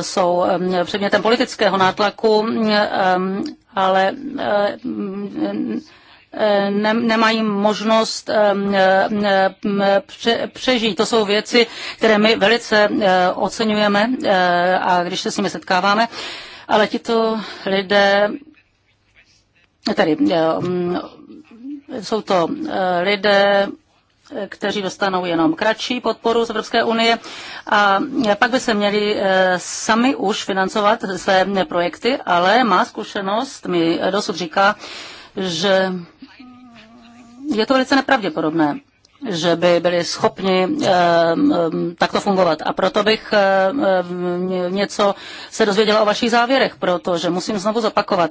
jsou předmětem politického nátlaku, ale nemají možnost přežít. To jsou věci, které my velice oceňujeme a když se s nimi setkáváme ale tito lidé, tady eh, mm, jsou to eh, lidé, eh, kteří dostanou jenom kratší podporu z Evropské unie a pak by se měli sami už financovat své projekty, ale má zkušenost mi dosud říká, že je to velice nepravděpodobné že by byli schopni eh, takto fungovat. A proto bych eh, něco se dozvěděla o vašich závěrech, protože musím znovu zopakovat.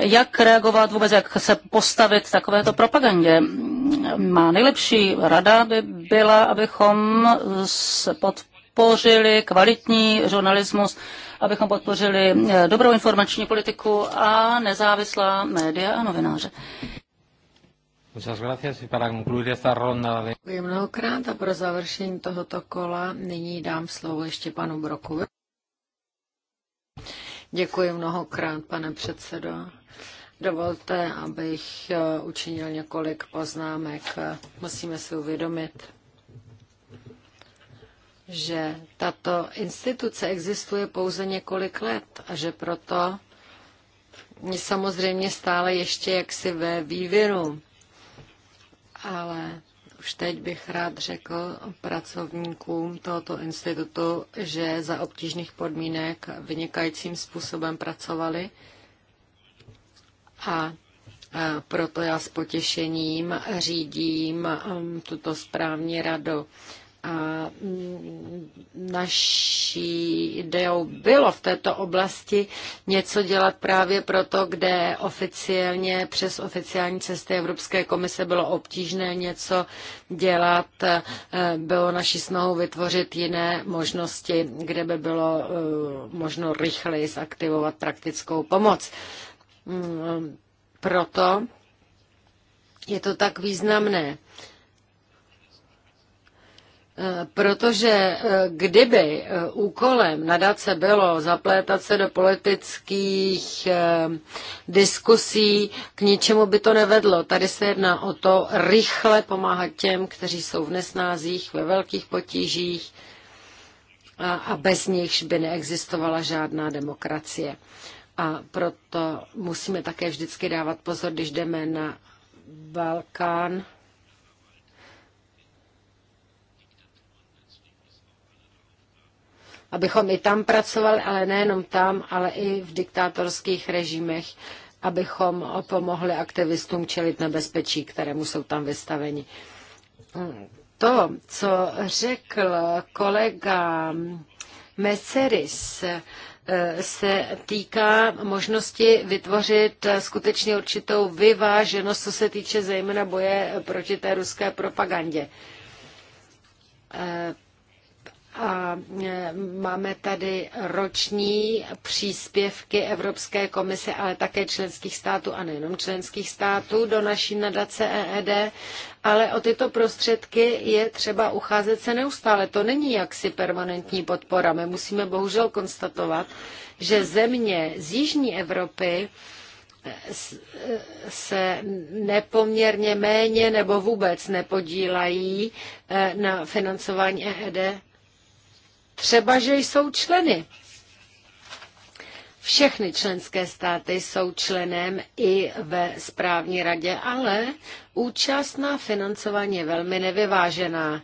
Jak reagovat vůbec, jak se postavit takovéto propagandě? Má nejlepší rada by byla, abychom se podpořili kvalitní žurnalismus, abychom podpořili eh, dobrou informační politiku a nezávislá média a novináře. Muchas gracias. Y para concluir esta ronda de... Děkuji mnohokrát a pro završení tohoto kola nyní dám slovo ještě panu Brokovi. Děkuji mnohokrát, pane předsedo. Dovolte, abych eh, učinil několik poznámek. Musíme si uvědomit, že tato instituce existuje pouze několik let a že proto samozřejmě stále ještě jaksi ve výviru ale už teď bych rád řekl pracovníkům tohoto institutu, že za obtížných podmínek vynikajícím způsobem pracovali a e, proto já s potěšením řídím tuto správní radu. A mm, naší ideou bylo v této oblasti něco dělat právě proto, kde oficiálně přes oficiální cesty Evropské komise bylo obtížné něco dělat. E, bylo naší snahou vytvořit jiné možnosti, kde by bylo e, možno rychleji zaktivovat praktickou pomoc. Mm, proto je to tak významné Eh, protože eh, kdyby eh, úkolem nadace bylo zaplétat se do politických diskusí, k ničemu by to nevedlo. Tady se jedná o to rychle pomáhat těm, kteří jsou v nesnázích, ve velkých potížích a bez nichž by neexistovala žádná demokracie. A proto musíme také vždycky dávat pozor, když jdeme na Balkán abychom i tam pracovali, ale nejenom tam, ale i v diktátorských režimech, abychom pomohli aktivistům čelit nebezpečí, kterému jsou tam vystaveni. To, co řekl kolega Meseris, se týká možnosti vytvořit skutečně určitou vyváženost, co se týče zejména boje proti té ruské propagandě. E, máme tady roční příspěvky Evropské komise, ale také členských států a nejenom členských států do naší nadace EED, ale o tyto prostředky je třeba ucházet se neustále. To není jaksi permanentní podpora. My musíme bohužel konstatovat, že země z Jižní Evropy e, e, se nepoměrně méně nebo vůbec nepodílají na financování EED třeba že jsou členy. Všechny členské státy jsou členem i ve správní radě, ale účast na financování je velmi nevyvážená.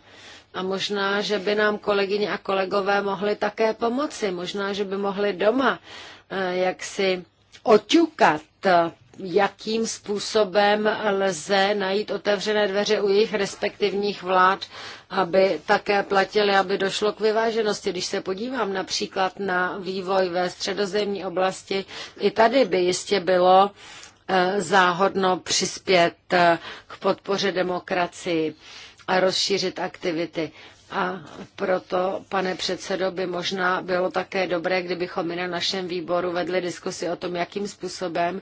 A možná, že by nám kolegyně a kolegové mohli také pomoci. Možná, že by mohli doma eh, jak si oťukat jakým způsobem lze najít otevřené dveře u jejich respektivních vlád, aby také platili, aby došlo k vyváženosti. Když se podívám například na vývoj ve středozemní oblasti, i tady by jistě bylo eh, záhodno přispět eh, k podpoře demokracii a rozšířit aktivity. A proto, pane předsedo, by možná bylo také dobré, kdybychom i na našem výboru vedli diskusi o tom, jakým způsobem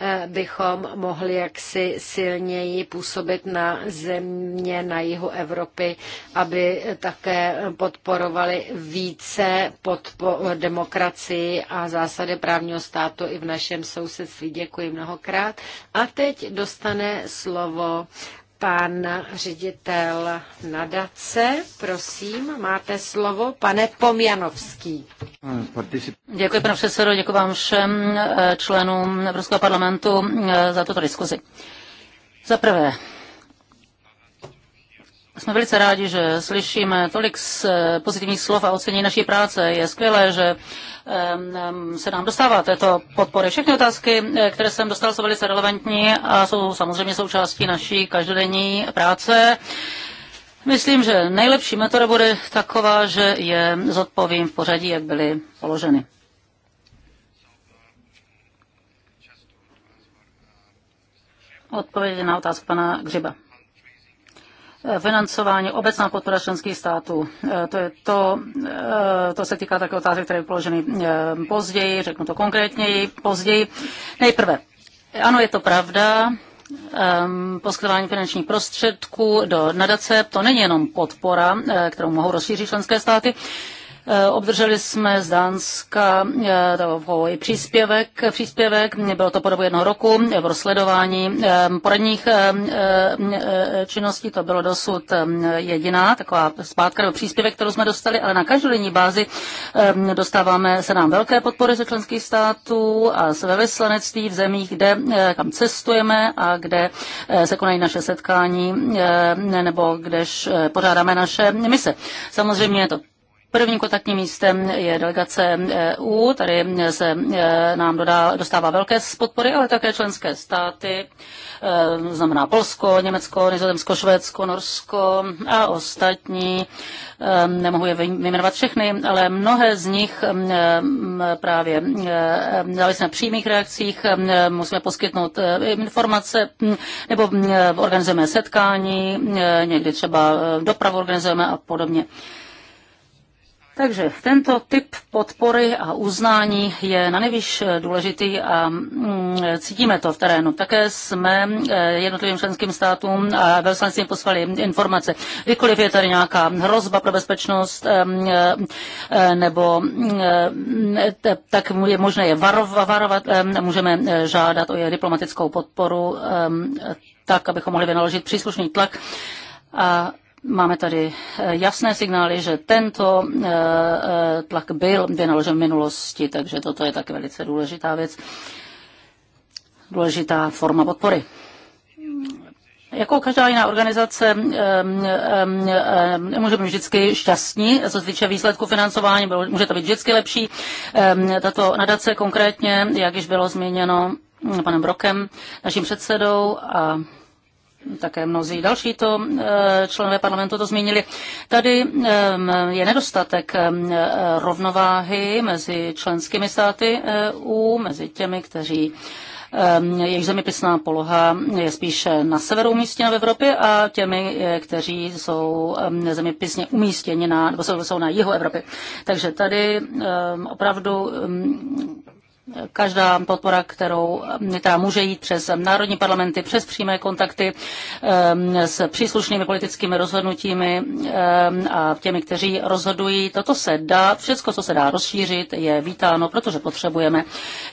eh, bychom mohli jaksi silněji působit na země na jihu Evropy, aby také podporovali více podpo- demokracii a zásady právního státu i v našem sousedství. Děkuji mnohokrát. A teď dostane slovo Pan ředitel nadace, prosím, máte slovo, pane Pomjanovský. Děkuji, pane předsedo, děkuji vám všem eh, členům Evropského parlamentu eh, za tuto diskuzi. Za prvé, jsme velice rádi, že slyšíme tolik eh, pozitivních slov a ocení naší práce. Je skvělé, že se nám dostává této podpory. Všechny otázky, eh, které jsem dostal, jsou velice relevantní a jsou samozřejmě součástí naší každodenní práce. Myslím, že nejlepší metoda bude taková, že je zodpovím v pořadí, jak byly položeny. Odpověď na otázku pana Gřiba. Financování, obecná podpora členských států, e, to, je to, e, to se týká také otázek, které je položeny e, později, řeknu to konkrétněji, později. Nejprve, ano, je to pravda, ehm, poskytování finančních prostředků do nadace, to není jenom podpora, kterou mohou rozšířit členské státy, Eh, obdrželi jsme z Dánska eh, příspěvek, příspěvek, bylo to po dobu jednoho roku, v rozsledování eh, poradních činností, to bylo dosud jediná taková zpátka nebo příspěvek, kterou jsme dostali, ale na každodenní bázi dostáváme se nám velké podpory ze členských států a z velvyslanectví v zemích, kde kam cestujeme a kde se konají naše setkání nebo kdež pořádáme naše mise. Samozřejmě je to Prvním kontaktním místem je delegace EU, tady se e, nám dodá, dostává velké podpory, ale také členské státy, e, znamená Polsko, Německo, Nizozemsko, Švédsko, Norsko a ostatní. E, nemohu je vyjmenovat všechny, ale mnohé z nich právě závisí na přímých reakcích, musíme poskytnout informace nebo organizujeme setkání, někdy třeba dopravu organizujeme a podobně. Takže tento typ podpory a uznání je na nejvyš důležitý a mm, cítíme to v terénu. Také jsme eh, jednotlivým členským státům a velvyslanectvím poslali informace. Kdykoliv je tady nějaká hrozba pro bezpečnost eh, mm, eh, nebo mm, tak je možné je varovat, můžeme žádat o je diplomatickou podporu tak, abychom mohli vynaložit příslušný tlak a Máme tady eh, jasné signály, že tento eh, eh, tlak byl vynaložen v minulosti, takže toto je také velice důležitá věc, důležitá forma podpory. Jako každá jiná organizace může být vždycky šťastní, co se týče výsledku financování, může to být vždycky lepší. Tato nadace konkrétně, jak již bylo zmíněno panem Brokem, naším předsedou a také mnozí další to eh, členové parlamentu to zmínili. Tady je nedostatek rovnováhy mezi členskými státy EU, mezi těmi, kteří jejich zeměpisná poloha je spíše na severu umístěna v Evropě a těmi, eh, kteří jsou zeměpisně umístěni na, nebo jsou na jihu Evropy. Takže tady opravdu každá podpora, kterou, která může jít přes národní parlamenty, přes přímé kontakty ehm, s příslušnými politickými rozhodnutími ehm, a těmi, kteří rozhodují. Toto se dá, všechno, co se dá rozšířit, je vítáno, protože potřebujeme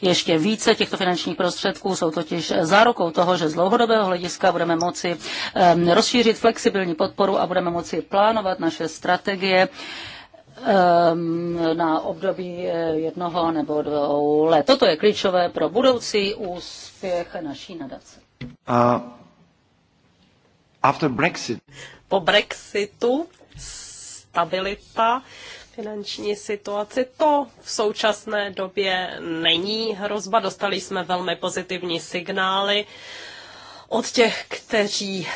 ještě více těchto finančních prostředků. Jsou totiž zárukou toho, že z dlouhodobého hlediska budeme moci ehm, rozšířit flexibilní podporu a budeme moci plánovat naše strategie Ehm, na období eh, jednoho nebo dvou let. Toto je klíčové pro budoucí úspěch naší nadace. Uh, after Brexit. Po Brexitu stabilita finanční situaci. To v současné době není hrozba. Dostali jsme velmi pozitivní signály od těch, kteří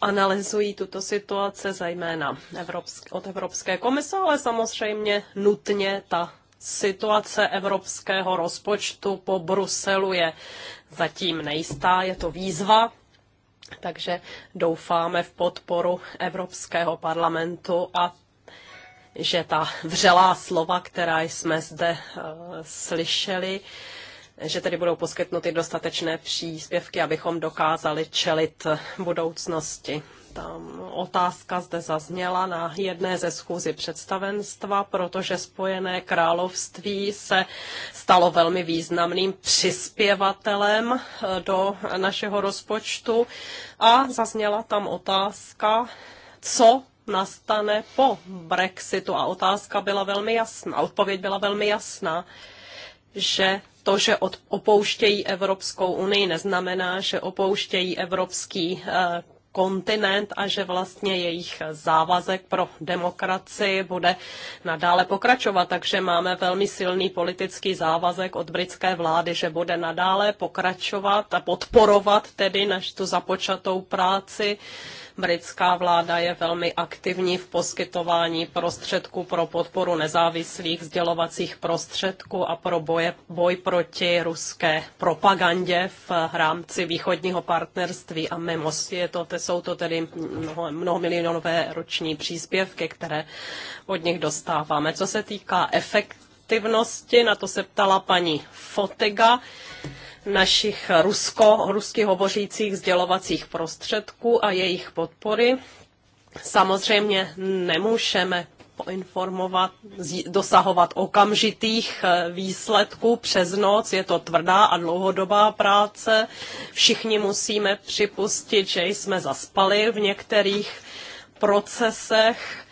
analyzují tuto situaci zejména od Evropské komise, ale samozřejmě nutně ta situace evropského rozpočtu po Bruselu je zatím nejistá, je to výzva, takže doufáme v podporu Evropského parlamentu a že ta vřelá slova, která jsme zde uh, slyšeli, uh, že tedy budou poskytnuty dostatečné příspěvky, abychom dokázali čelit budoucnosti. Tam otázka zde zazněla na jedné ze schůzy představenstva, protože Spojené království se stalo velmi významným přispěvatelem eh, do našeho rozpočtu a zazněla tam otázka, co nastane po Brexitu. A otázka byla velmi jasná, odpověď byla velmi jasná, že to, že od, opouštějí Evropskou unii, neznamená, že opouštějí evropský eh, kontinent a že vlastně jejich závazek pro demokracii bude nadále pokračovat. Takže máme velmi silný politický závazek od britské vlády, že bude nadále pokračovat a podporovat tedy naš tu započatou práci Britská vláda je velmi aktivní v poskytování prostředků pro podporu nezávislých sdělovacích prostředků a pro boje, boj proti ruské propagandě v rámci východního partnerství a MEMOS. Je to, to jsou to tedy mnoho, mnohomilionové roční příspěvky, které od nich dostáváme. Co se týká efektivnosti, na to se ptala paní Fotega našich rusko, rusky hovořících sdělovacích prostředků a jejich podpory. Samozřejmě nemůžeme poinformovat, dosahovat okamžitých eh, výsledků přes noc. Je to tvrdá a dlouhodobá práce. Všichni musíme připustit, že jsme zaspali v některých procesech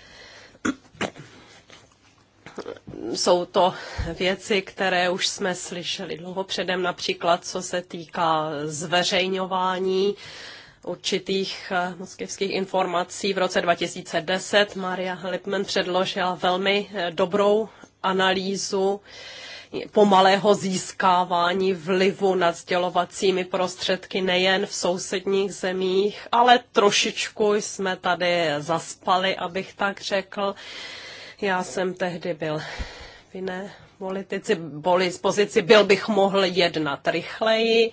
jsou to věci, které už jsme slyšeli dlouho předem, například co se týká zveřejňování určitých eh, moskevských informací. V roce 2010 Maria Lipman předložila velmi eh, dobrou analýzu pomalého získávání vlivu nad sdělovacími prostředky nejen v sousedních zemích, ale trošičku jsme tady zaspali, abych tak řekl. Já jsem tehdy byl v jiné politici, boli z pozici, byl bych mohl jednat rychleji,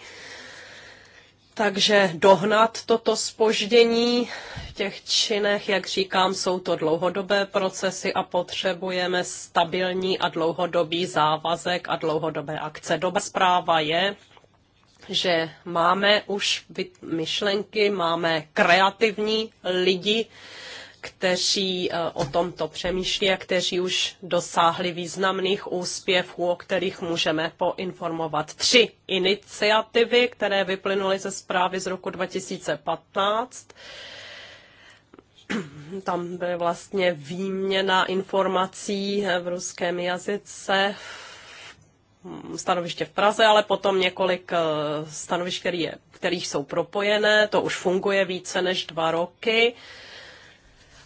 takže dohnat toto spoždění v těch činech, jak říkám, jsou to dlouhodobé procesy a potřebujeme stabilní a dlouhodobý závazek a dlouhodobé akce. Dobrá zpráva je, že máme už myšlenky, máme kreativní lidi, kteří eh, o tomto přemýšlí a kteří už dosáhli významných úspěchů, o kterých můžeme poinformovat. Tři iniciativy, které vyplynuly ze zprávy z roku 2015 tam byla vlastně výměna informací v ruském jazyce stanoviště v Praze, ale potom několik eh, stanovišť, který je, kterých jsou propojené. To už funguje více než dva roky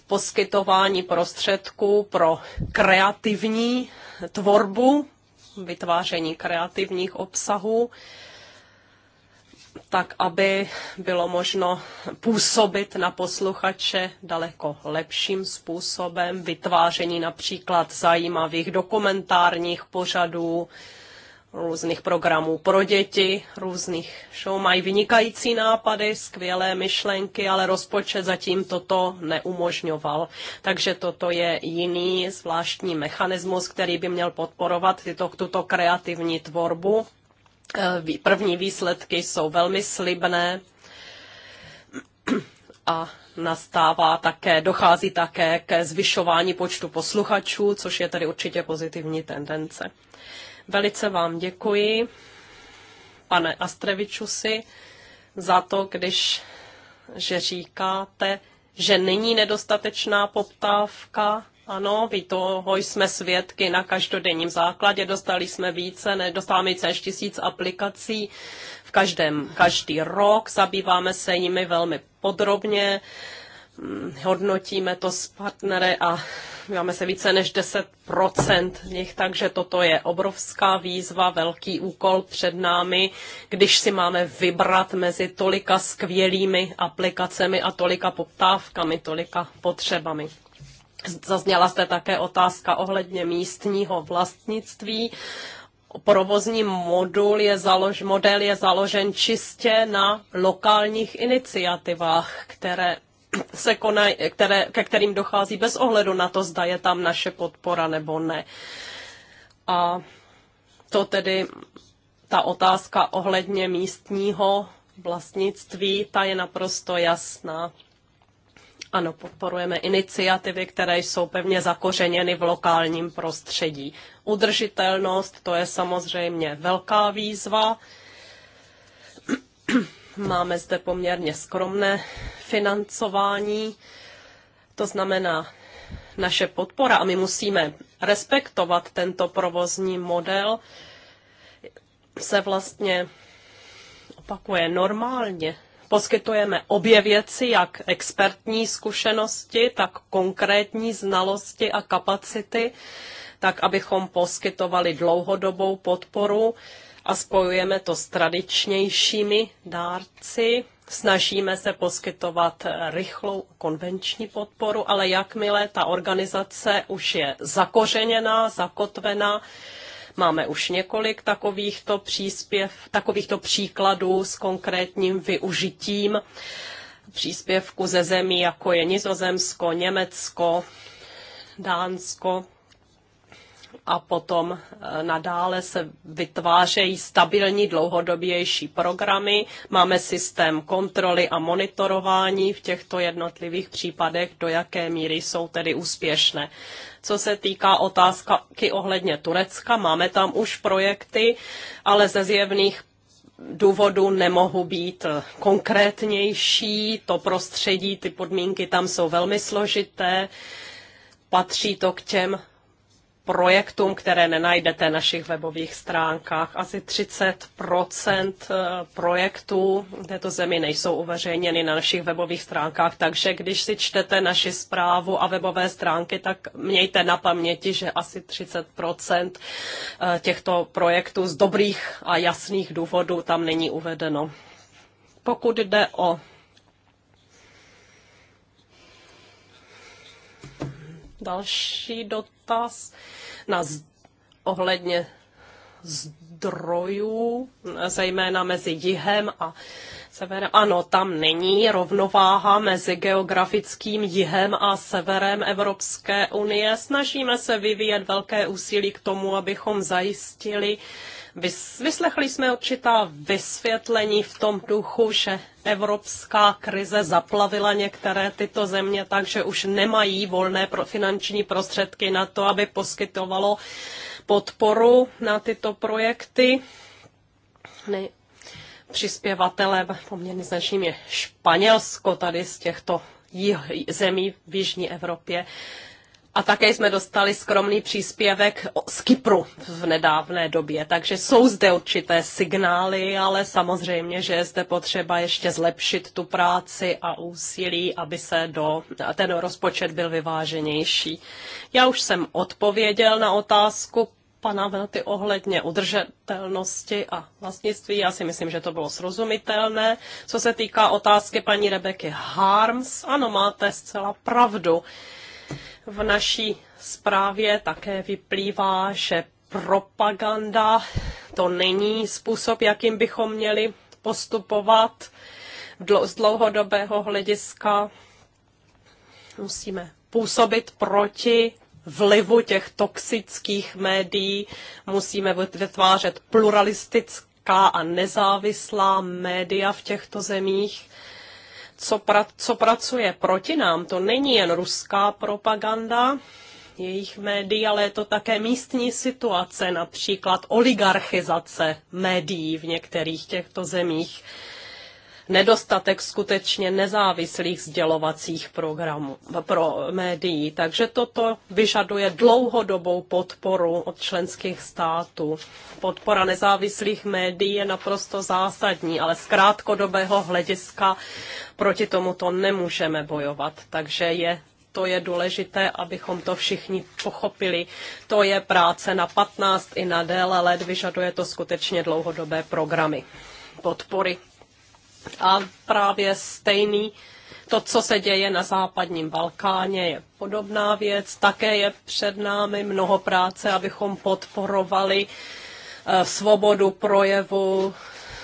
poskytování prostředků pro kreativní tvorbu, vytváření kreativních obsahů, tak aby bylo možno působit na posluchače daleko lepším způsobem, vytváření například zajímavých dokumentárních pořadů, různých programů pro děti, různých show. Mají vynikající nápady, skvělé myšlenky, ale rozpočet zatím toto neumožňoval. Takže toto je jiný zvláštní mechanismus, který by měl podporovat tyto, tuto kreativní tvorbu. Eh, první výsledky jsou velmi slibné a nastává také, dochází také ke zvyšování počtu posluchačů, což je tedy určitě pozitivní tendence. Velice vám děkuji, pane Astrevičusi, za to, když že říkáte, že není nedostatečná poptávka. Ano, vy toho jsme svědky na každodenním základě. Dostali jsme více, ne, dostáváme více než tisíc aplikací v každém, každý rok. Zabýváme se jimi velmi podrobně hodnotíme to s partnery a máme se více než 10% nich, takže toto je obrovská výzva, velký úkol před námi, když si máme vybrat mezi tolika skvělými aplikacemi a tolika poptávkami, tolika potřebami. Zazněla zde také otázka ohledně místního vlastnictví provozní modul je založ, model je založen čistě na lokálních iniciativách, které se konají, které, ke kterým dochází bez ohledu na to, zda je tam naše podpora nebo ne. A to tedy ta otázka ohledně místního vlastnictví, ta je naprosto jasná. Ano, podporujeme iniciativy, které jsou pevně zakořeněny v lokálním prostředí. Udržitelnost, to je samozřejmě velká výzva. Máme zde poměrně skromné financování, to znamená naše podpora a my musíme respektovat tento provozní model, se vlastně opakuje normálně. Poskytujeme obě věci, jak expertní zkušenosti, tak konkrétní znalosti a kapacity, tak abychom poskytovali dlouhodobou podporu a spojujeme to s tradičnějšími dárci. Snažíme se poskytovat rychlou konvenční podporu, ale jakmile ta organizace už je zakořeněná, zakotvená, Máme už několik takovýchto příspěv, takovýchto příkladů s konkrétním využitím příspěvku ze zemí, jako je Nizozemsko, Německo, Dánsko, a potom eh, nadále se vytvářejí stabilní dlouhodobější programy. Máme systém kontroly a monitorování v těchto jednotlivých případech, do jaké míry jsou tedy úspěšné. Co se týká otázky ohledně Turecka, máme tam už projekty, ale ze zjevných důvodů nemohu být eh, konkrétnější. To prostředí, ty podmínky tam jsou velmi složité. Patří to k těm projektům, které nenajdete na našich webových stránkách. Asi 30 eh, projektů této zemi nejsou uveřejněny na našich webových stránkách, takže když si čtete naši zprávu a webové stránky, tak mějte na paměti, že asi 30 eh, těchto projektů z dobrých a jasných důvodů tam není uvedeno. Pokud jde o Další dotaz na z, ohledně zdrojů, zejména mezi jihem a severem. Ano, tam není rovnováha mezi geografickým jihem a severem Evropské unie. Snažíme se vyvíjet velké úsilí k tomu, abychom zajistili uh, Vyslechli jsme určitá vysvětlení v tom duchu, že evropská krize zaplavila některé tyto země, takže už nemají volné pro finanční prostředky na to, aby poskytovalo podporu na tyto projekty. Ne, Přispěvatele poměrně značným je Španělsko tady z těchto zemí v Jižní Evropě. A také jsme dostali skromný příspěvek z Kypru v nedávné době. Takže jsou zde určité signály, ale samozřejmě, že je zde potřeba ještě zlepšit tu práci a úsilí, aby se do, ten rozpočet byl vyváženější. Já už jsem odpověděl na otázku pana Velty ohledně udržitelnosti a vlastnictví. Já si myslím, že to bylo srozumitelné. Co se týká otázky paní Rebeky Harms, ano, máte zcela pravdu. V naší zprávě také vyplývá, že propaganda to není způsob, jakým bychom měli postupovat z dlouhodobého hlediska. Musíme působit proti vlivu těch toxických médií, musíme vytvářet pluralistická a nezávislá média v těchto zemích co, pra, co pracuje proti nám, to není jen ruská propaganda, jejich médií, ale je to také místní situace, například oligarchizace médií v některých těchto zemích nedostatek skutečně nezávislých sdělovacích programů pro médií. Takže toto vyžaduje dlouhodobou podporu od členských států. Podpora nezávislých médií je naprosto zásadní, ale z krátkodobého hlediska proti tomuto nemůžeme bojovat. Takže je to je důležité, abychom to všichni pochopili. To je práce na 15 i na déle let, vyžaduje to skutečně dlouhodobé programy podpory a právě stejný to, co se děje na západním Balkáně, je podobná věc. Také je před námi mnoho práce, abychom podporovali eh, svobodu projevu,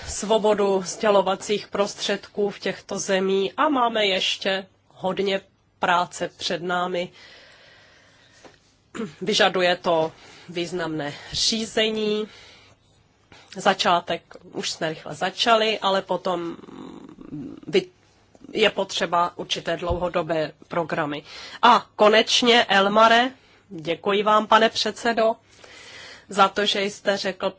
svobodu sdělovacích prostředků v těchto zemí a máme ještě hodně práce před námi. Vyžaduje to významné řízení, začátek už jsme rychle začali, ale potom je potřeba určité dlouhodobé programy. A konečně, Elmare, děkuji vám, pane předsedo, za to, že jste řekl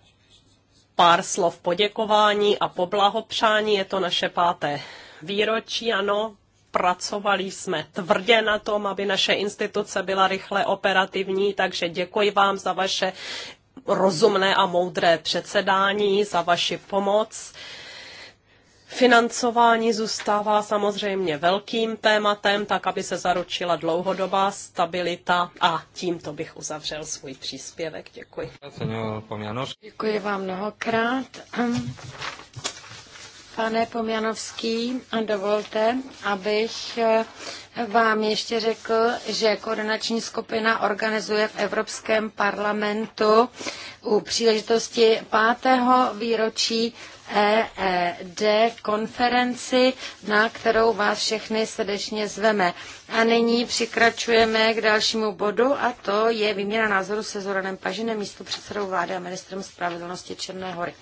pár slov poděkování a poblahopřání. Je to naše páté výročí, ano, pracovali jsme tvrdě na tom, aby naše instituce byla rychle operativní, takže děkuji vám za vaše rozumné a moudré předsedání, za vaši pomoc. Financování zůstává samozřejmě velkým tématem, tak aby se zaručila dlouhodobá stabilita a tímto bych uzavřel svůj příspěvek. Děkuji. Děkuji vám mnohokrát pane Pomjanovský, a dovolte, abych eh, vám ještě řekl, že koordinační skupina organizuje v Evropském parlamentu u příležitosti pátého výročí EED konferenci, na kterou vás všechny srdečně zveme. A nyní přikračujeme k dalšímu bodu a to je výměna názoru se Zoranem Pažinem, místo předsedou vlády a ministrem spravedlnosti Černé hory.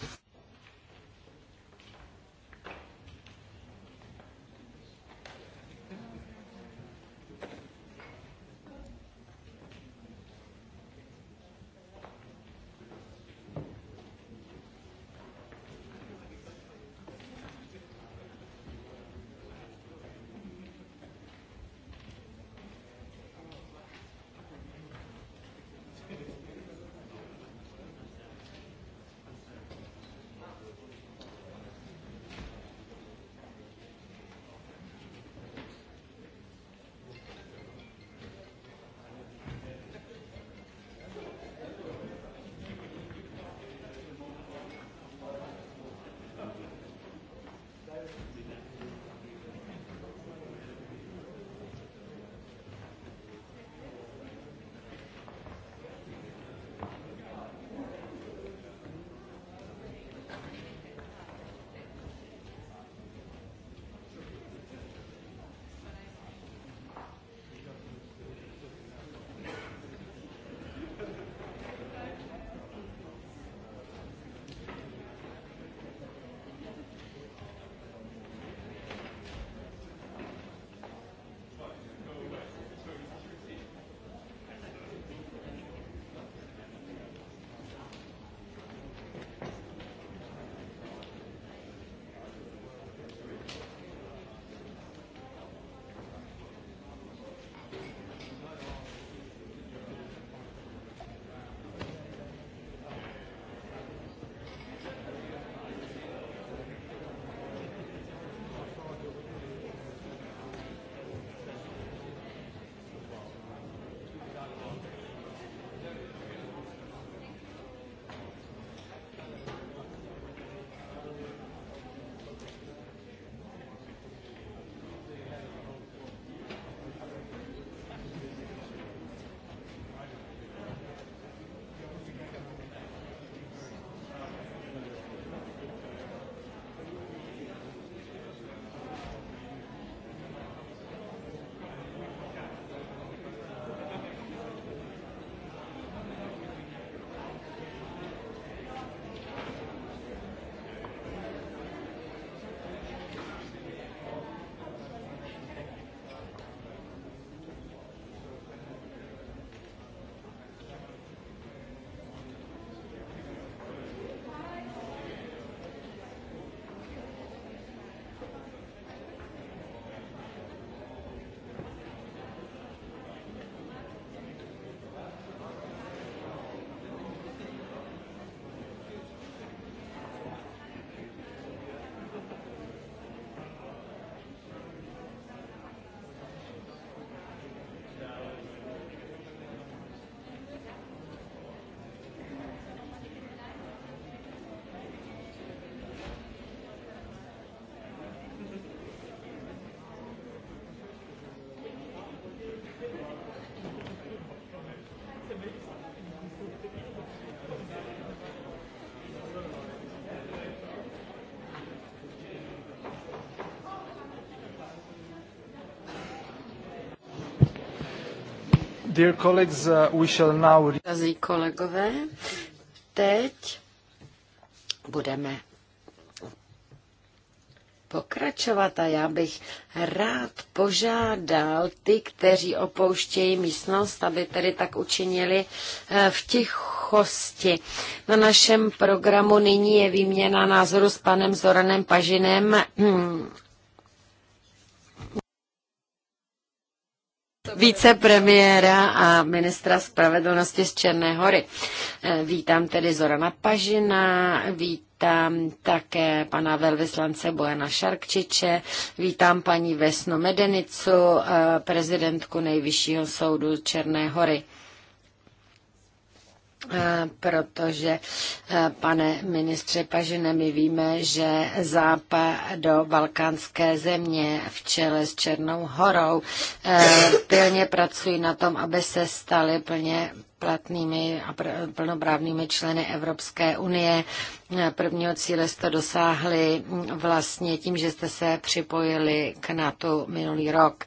Dear colleagues, uh, we shall now... Drazí kolegové, teď budeme pokračovat a já bych rád požádal ty, kteří opouštějí místnost, aby tedy tak učinili eh, v tichosti. Na našem programu nyní je výměna názoru s panem Zoranem Pažinem hmm, vicepremiéra a ministra spravedlnosti z Černé hory. Eh, vítám tedy Zorana Pažina, vítám také pana velvyslance Bojana Šarkčiče, vítám paní Vesnu Medenicu, eh, prezidentku Nejvyššího soudu Černé hory. Eh, protože, eh, pane ministře Pažine, my víme, že do balkánské země v čele s Černou horou eh, pilně pracují na tom, aby se staly plně platnými a plnoprávnými členy Evropské unie. Prvního cíle jste dosáhli vlastně tím, že jste se připojili k NATO minulý rok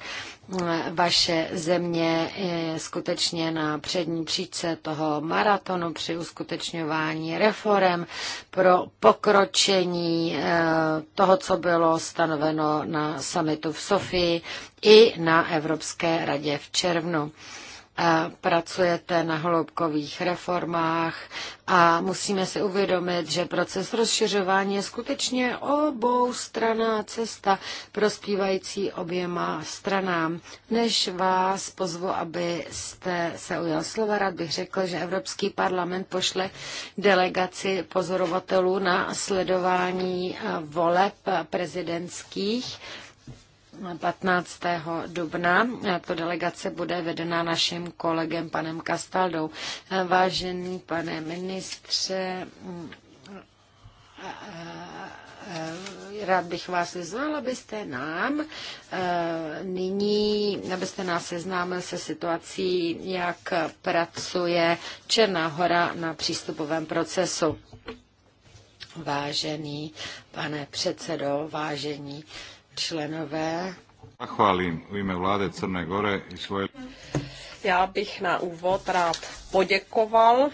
vaše země je skutečně na přední příčce toho maratonu při uskutečňování reform pro pokročení eh, toho, co bylo stanoveno na summitu v Sofii i na Evropské radě v červnu pracujete na hloubkových reformách a musíme si uvědomit, že proces rozšiřování je skutečně straná cesta prospívající oběma stranám. Než vás pozvu, abyste se ujal slova, rád bych řekl, že Evropský parlament pošle delegaci pozorovatelů na sledování eh, voleb prezidentských 15. dubna. To delegace bude vedena naším kolegem panem Kastaldou. Vážený pane ministře, rád bych vás vyzval, abyste nám eh, nyní, abyste nás seznámil se situací, jak pracuje Černá hora na přístupovém procesu. Vážený pane předsedo, vážení členové. Zachválím v jméno vlády Crné Gore i svoje... Já bych na úvod rád poděkoval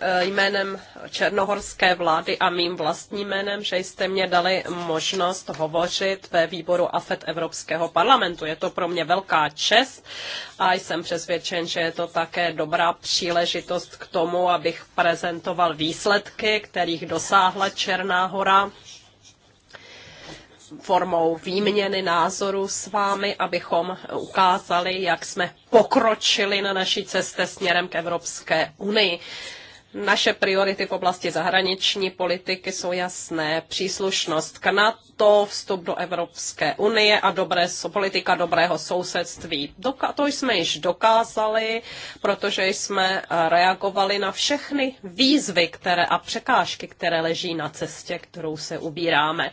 eh, jménem černohorské vlády a mým vlastním jménem, že jste mě dali možnost hovořit ve výboru AFET Evropského parlamentu. Je to pro mě velká čest a jsem přesvědčen, že je to také dobrá příležitost k tomu, abych prezentoval výsledky, kterých dosáhla Černá hora formou výměny názorů s vámi, abychom ukázali, jak jsme pokročili na naší cestě směrem k Evropské unii. Naše priority v oblasti zahraniční politiky jsou jasné. Příslušnost k NATO, vstup do Evropské unie a dobré, politika dobrého sousedství. Doka- to jsme již dokázali, protože jsme eh, reagovali na všechny výzvy které, a překážky, které leží na cestě, kterou se ubíráme.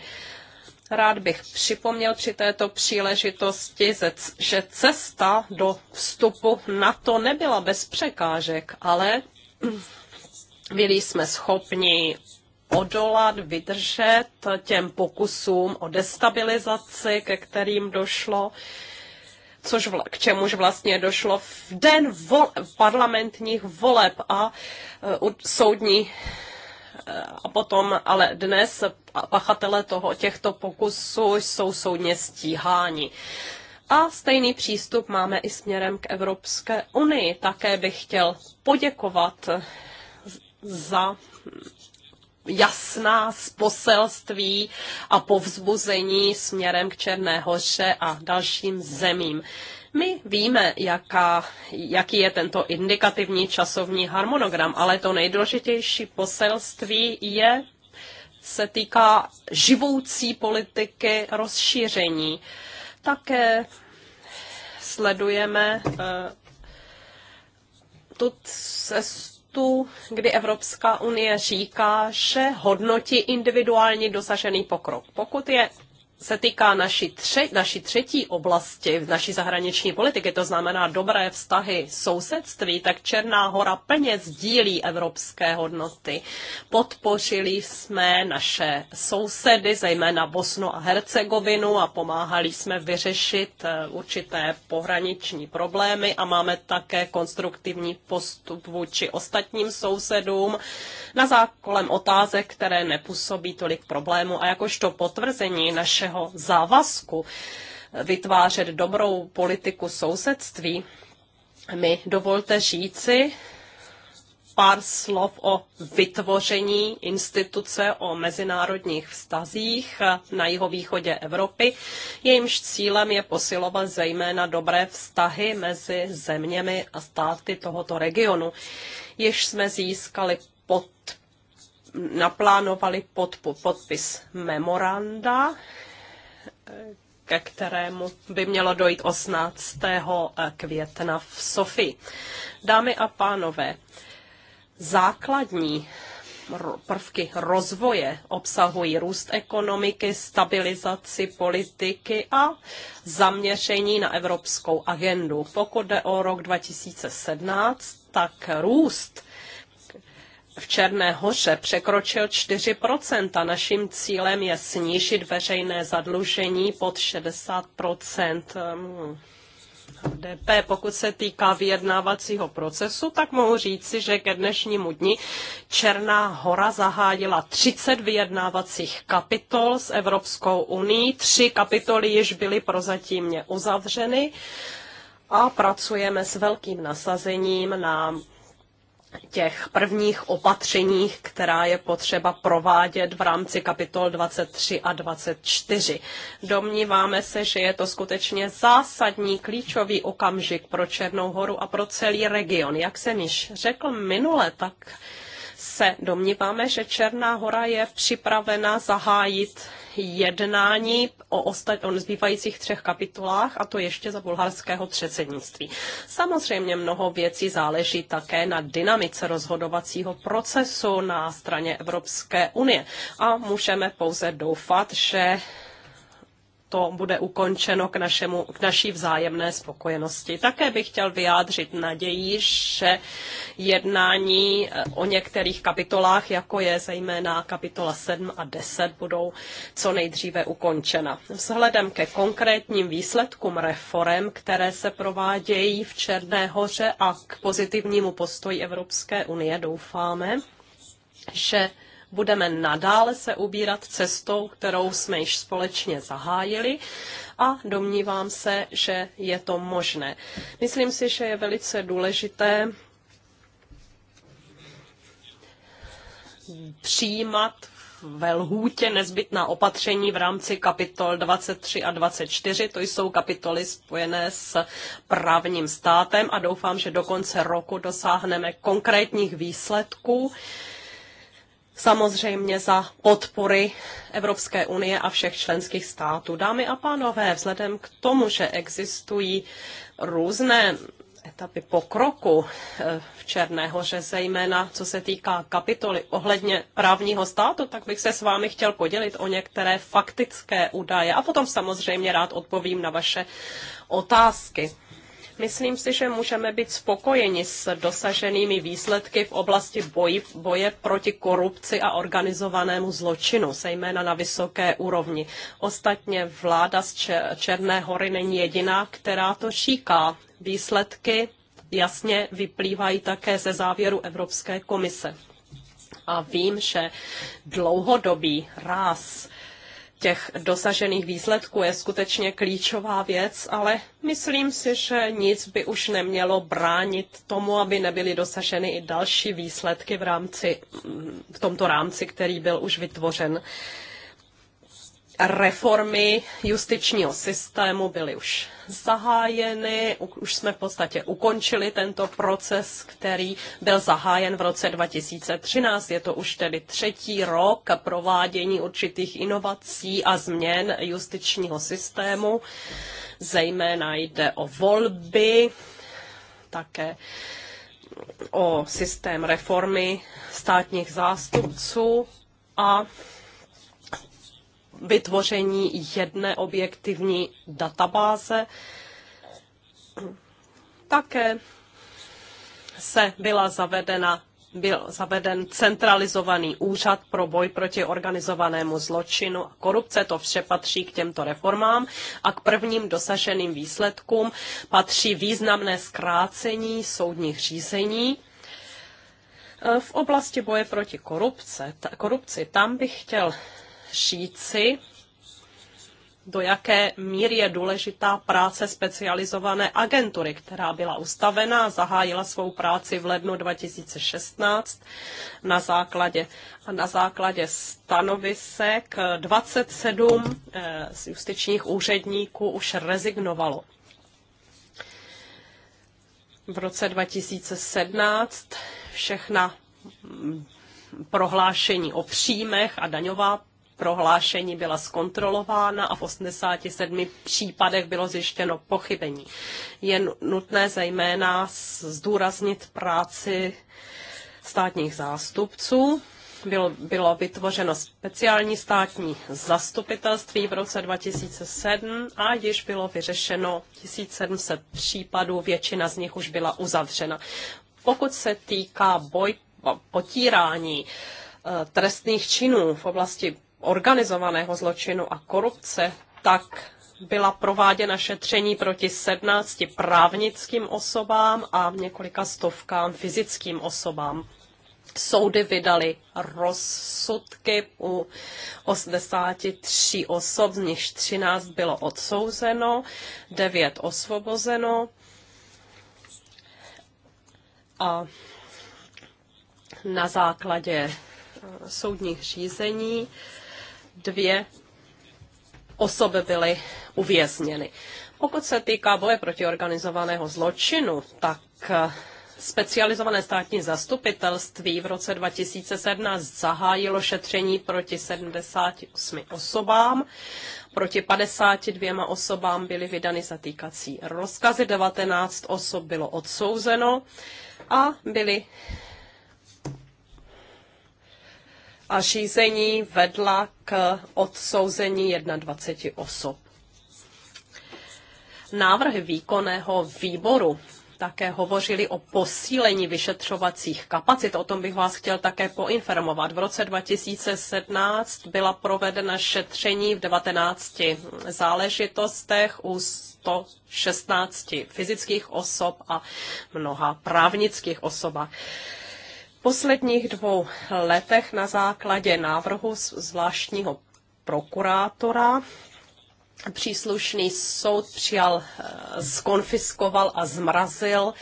Rád bych připomněl při této příležitosti, že cesta do vstupu na to nebyla bez překážek, ale byli jsme schopni odolat, vydržet těm pokusům o destabilizaci, ke kterým došlo, což vla, k čemuž vlastně došlo v den vo, parlamentních voleb a uh, soudní a potom, ale dnes pachatele toho, těchto pokusů jsou soudně stíháni. A stejný přístup máme i směrem k Evropské unii. Také bych chtěl poděkovat za jasná poselství a povzbuzení směrem k Černé hoře a dalším zemím. My víme, jaká, jaký je tento indikativní časovní harmonogram, ale to nejdůležitější poselství je se týká živoucí politiky rozšíření. Také sledujeme eh, tu cestu, kdy Evropská unie říká, že hodnotí individuální dosažený pokrok. Pokud je se týká naší, tře, naší třetí oblasti, naší zahraniční politiky, to znamená dobré vztahy sousedství, tak Černá hora plně sdílí evropské hodnoty. Podpořili jsme naše sousedy, zejména Bosnu a Hercegovinu a pomáhali jsme vyřešit eh, určité pohraniční problémy a máme také konstruktivní postup vůči ostatním sousedům na zákolem otázek, které nepůsobí tolik problémů a jakožto potvrzení našeho našeho závazku vytvářet dobrou politiku sousedství, mi dovolte říci pár slov o vytvoření instituce o mezinárodních vztazích na jihovýchodě Evropy. Jejímž cílem je posilovat zejména dobré vztahy mezi zeměmi a státy tohoto regionu. Jež jsme získali pod, naplánovali pod, podpis memoranda ke kterému by mělo dojít 18. Eh, května v Sofii. Dámy a pánové, základní prvky rozvoje obsahují růst ekonomiky, stabilizaci politiky a zaměření na evropskou agendu. Pokud jde o rok 2017, tak růst v Černé hoře překročil 4%. Naším cílem je snížit veřejné zadlužení pod 60%. HDP. Hm. Pokud se týká vyjednávacího procesu, tak mohu říci, že ke dnešnímu dni Černá hora zahájila 30 vyjednávacích kapitol s Evropskou unii. Tři kapitoly již byly prozatímně uzavřeny a pracujeme s velkým nasazením na těch prvních opatřeních, která je potřeba provádět v rámci kapitol 23 a 24. Domníváme se, že je to skutečně zásadní klíčový okamžik pro Černou horu a pro celý region. Jak jsem již řekl minule, tak se domníváme, že Černá hora je připravena zahájit jednání o, osta- o zbývajících třech kapitolách, a to ještě za bulharského předsednictví. Samozřejmě mnoho věcí záleží také na dynamice rozhodovacího procesu na straně Evropské unie a můžeme pouze doufat, že to bude ukončeno k, našemu, k naší vzájemné spokojenosti. Také bych chtěl vyjádřit naději, že jednání eh, o některých kapitolách, jako je zejména kapitola 7 a 10, budou co nejdříve ukončena. Vzhledem ke konkrétním výsledkům reform, které se provádějí v Černé hoře a k pozitivnímu postoji Evropské unie, doufáme, že budeme nadále se ubírat cestou, kterou jsme již společně zahájili a domnívám se, že je to možné. Myslím si, že je velice důležité přijímat ve lhůtě nezbytná opatření v rámci kapitol 23 a 24. To jsou kapitoly spojené s právním státem a doufám, že do konce roku dosáhneme konkrétních výsledků samozřejmě za podpory Evropské unie a všech členských států. Dámy a pánové, vzhledem k tomu, že existují různé etapy pokroku eh, v Černé hoře, zejména co se týká kapitoly ohledně právního státu, tak bych se s vámi chtěl podělit o některé faktické údaje a potom samozřejmě rád odpovím na vaše otázky. Myslím si, že můžeme být spokojeni s dosaženými výsledky v oblasti boji, boje proti korupci a organizovanému zločinu, zejména na vysoké úrovni. Ostatně vláda z Černé hory není jediná, která to říká. Výsledky jasně vyplývají také ze závěru Evropské komise. A vím, že dlouhodobý ráz těch dosažených výsledků je skutečně klíčová věc, ale myslím si, že nic by už nemělo bránit tomu, aby nebyly dosaženy i další výsledky v, rámci, v tomto rámci, který byl už vytvořen reformy justičního systému byly už zahájeny, už jsme v podstatě ukončili tento proces, který byl zahájen v roce 2013. Je to už tedy třetí rok provádění určitých inovací a změn justičního systému. Zejména jde o volby, také o systém reformy státních zástupců a vytvoření jedné objektivní databáze. Také se byla zavedena byl zaveden centralizovaný úřad pro boj proti organizovanému zločinu a korupce. To vše patří k těmto reformám a k prvním dosaženým výsledkům patří významné zkrácení soudních řízení. V oblasti boje proti korupce, korupci tam bych chtěl říci, do jaké míry je důležitá práce specializované agentury, která byla ustavená, zahájila svou práci v lednu 2016 na základě, na základě stanovisek 27 eh, z justičních úředníků už rezignovalo. V roce 2017 všechna mm, prohlášení o příjmech a daňová prohlášení byla zkontrolována a v 87 případech bylo zjištěno pochybení. Je nutné zejména zdůraznit práci státních zástupců. Bylo, bylo vytvořeno speciální státní zastupitelství v roce 2007 a již bylo vyřešeno 1700 případů, většina z nich už byla uzavřena. Pokud se týká boj potírání eh, trestných činů v oblasti organizovaného zločinu a korupce, tak byla prováděna šetření proti 17 právnickým osobám a několika stovkám fyzickým osobám. Soudy vydali rozsudky u 83 osob, z nich 13 bylo odsouzeno, 9 osvobozeno a na základě eh, soudních řízení dvě osoby byly uvězněny. Pokud se týká boje proti organizovaného zločinu, tak eh, specializované státní zastupitelství v roce 2017 zahájilo šetření proti 78 osobám. Proti 52 osobám byly vydany zatýkací rozkazy, 19 osob bylo odsouzeno a byly a řízení vedla k odsouzení 21 osob. Návrhy výkonného výboru také hovořili o posílení vyšetřovacích kapacit. O tom bych vás chtěl také poinformovat. V roce 2017 byla provedena šetření v 19 záležitostech u 116 fyzických osob a mnoha právnických osobách posledních dvou letech na základě návrhu zvláštního prokurátora příslušný soud přijal, skonfiskoval eh, a zmrazil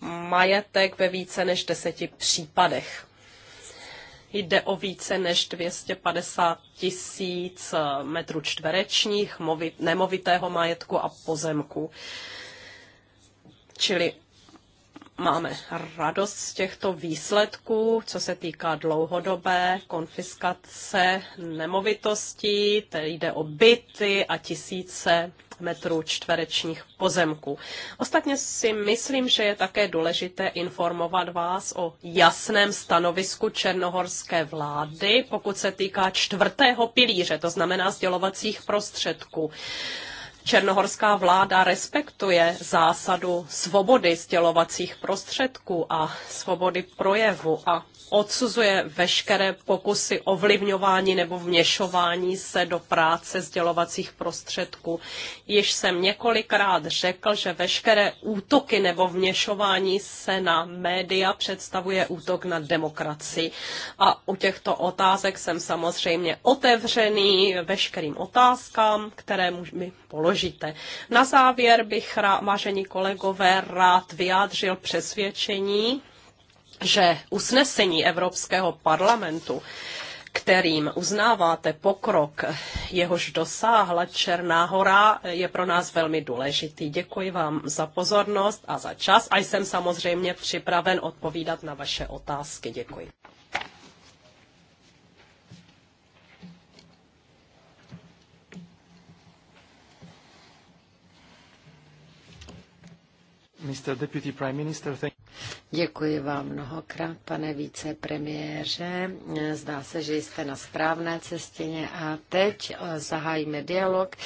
majetek ve více než deseti případech. Jde o více než 250 tisíc eh, metrů čtverečních nemovitého majetku a pozemku. Čili máme radost z těchto výsledků, co se týká dlouhodobé konfiskace nemovitostí, tedy jde o byty a tisíce metrů čtverečních pozemků. Ostatně si myslím, že je také důležité informovat vás o jasném stanovisku černohorské vlády, pokud se týká čtvrtého pilíře, to znamená sdělovacích prostředků. Černohorská vláda respektuje zásadu svobody sdělovacích prostředků a svobody projevu a odsuzuje veškeré pokusy ovlivňování nebo vměšování se do práce sdělovacích prostředků. Již jsem několikrát řekl, že veškeré útoky nebo vměšování se na média představuje útok na demokracii. A u těchto otázek jsem samozřejmě otevřený veškerým otázkám, které mi položíte. Na závěr bych, vážení kolegové, rád vyjádřil přesvědčení, že usnesení Evropského parlamentu kterým uznáváte pokrok, jehož dosáhla Černá hora, je pro nás velmi důležitý. Děkuji vám za pozornost a za čas a jsem samozřejmě připraven odpovídat na vaše otázky. Děkuji. Mr. Deputy Prime Minister, thank Děkuji vám mnohokrát, pane vicepremiére. Zdá se, že jste na správné cestě a teď zahájíme dialog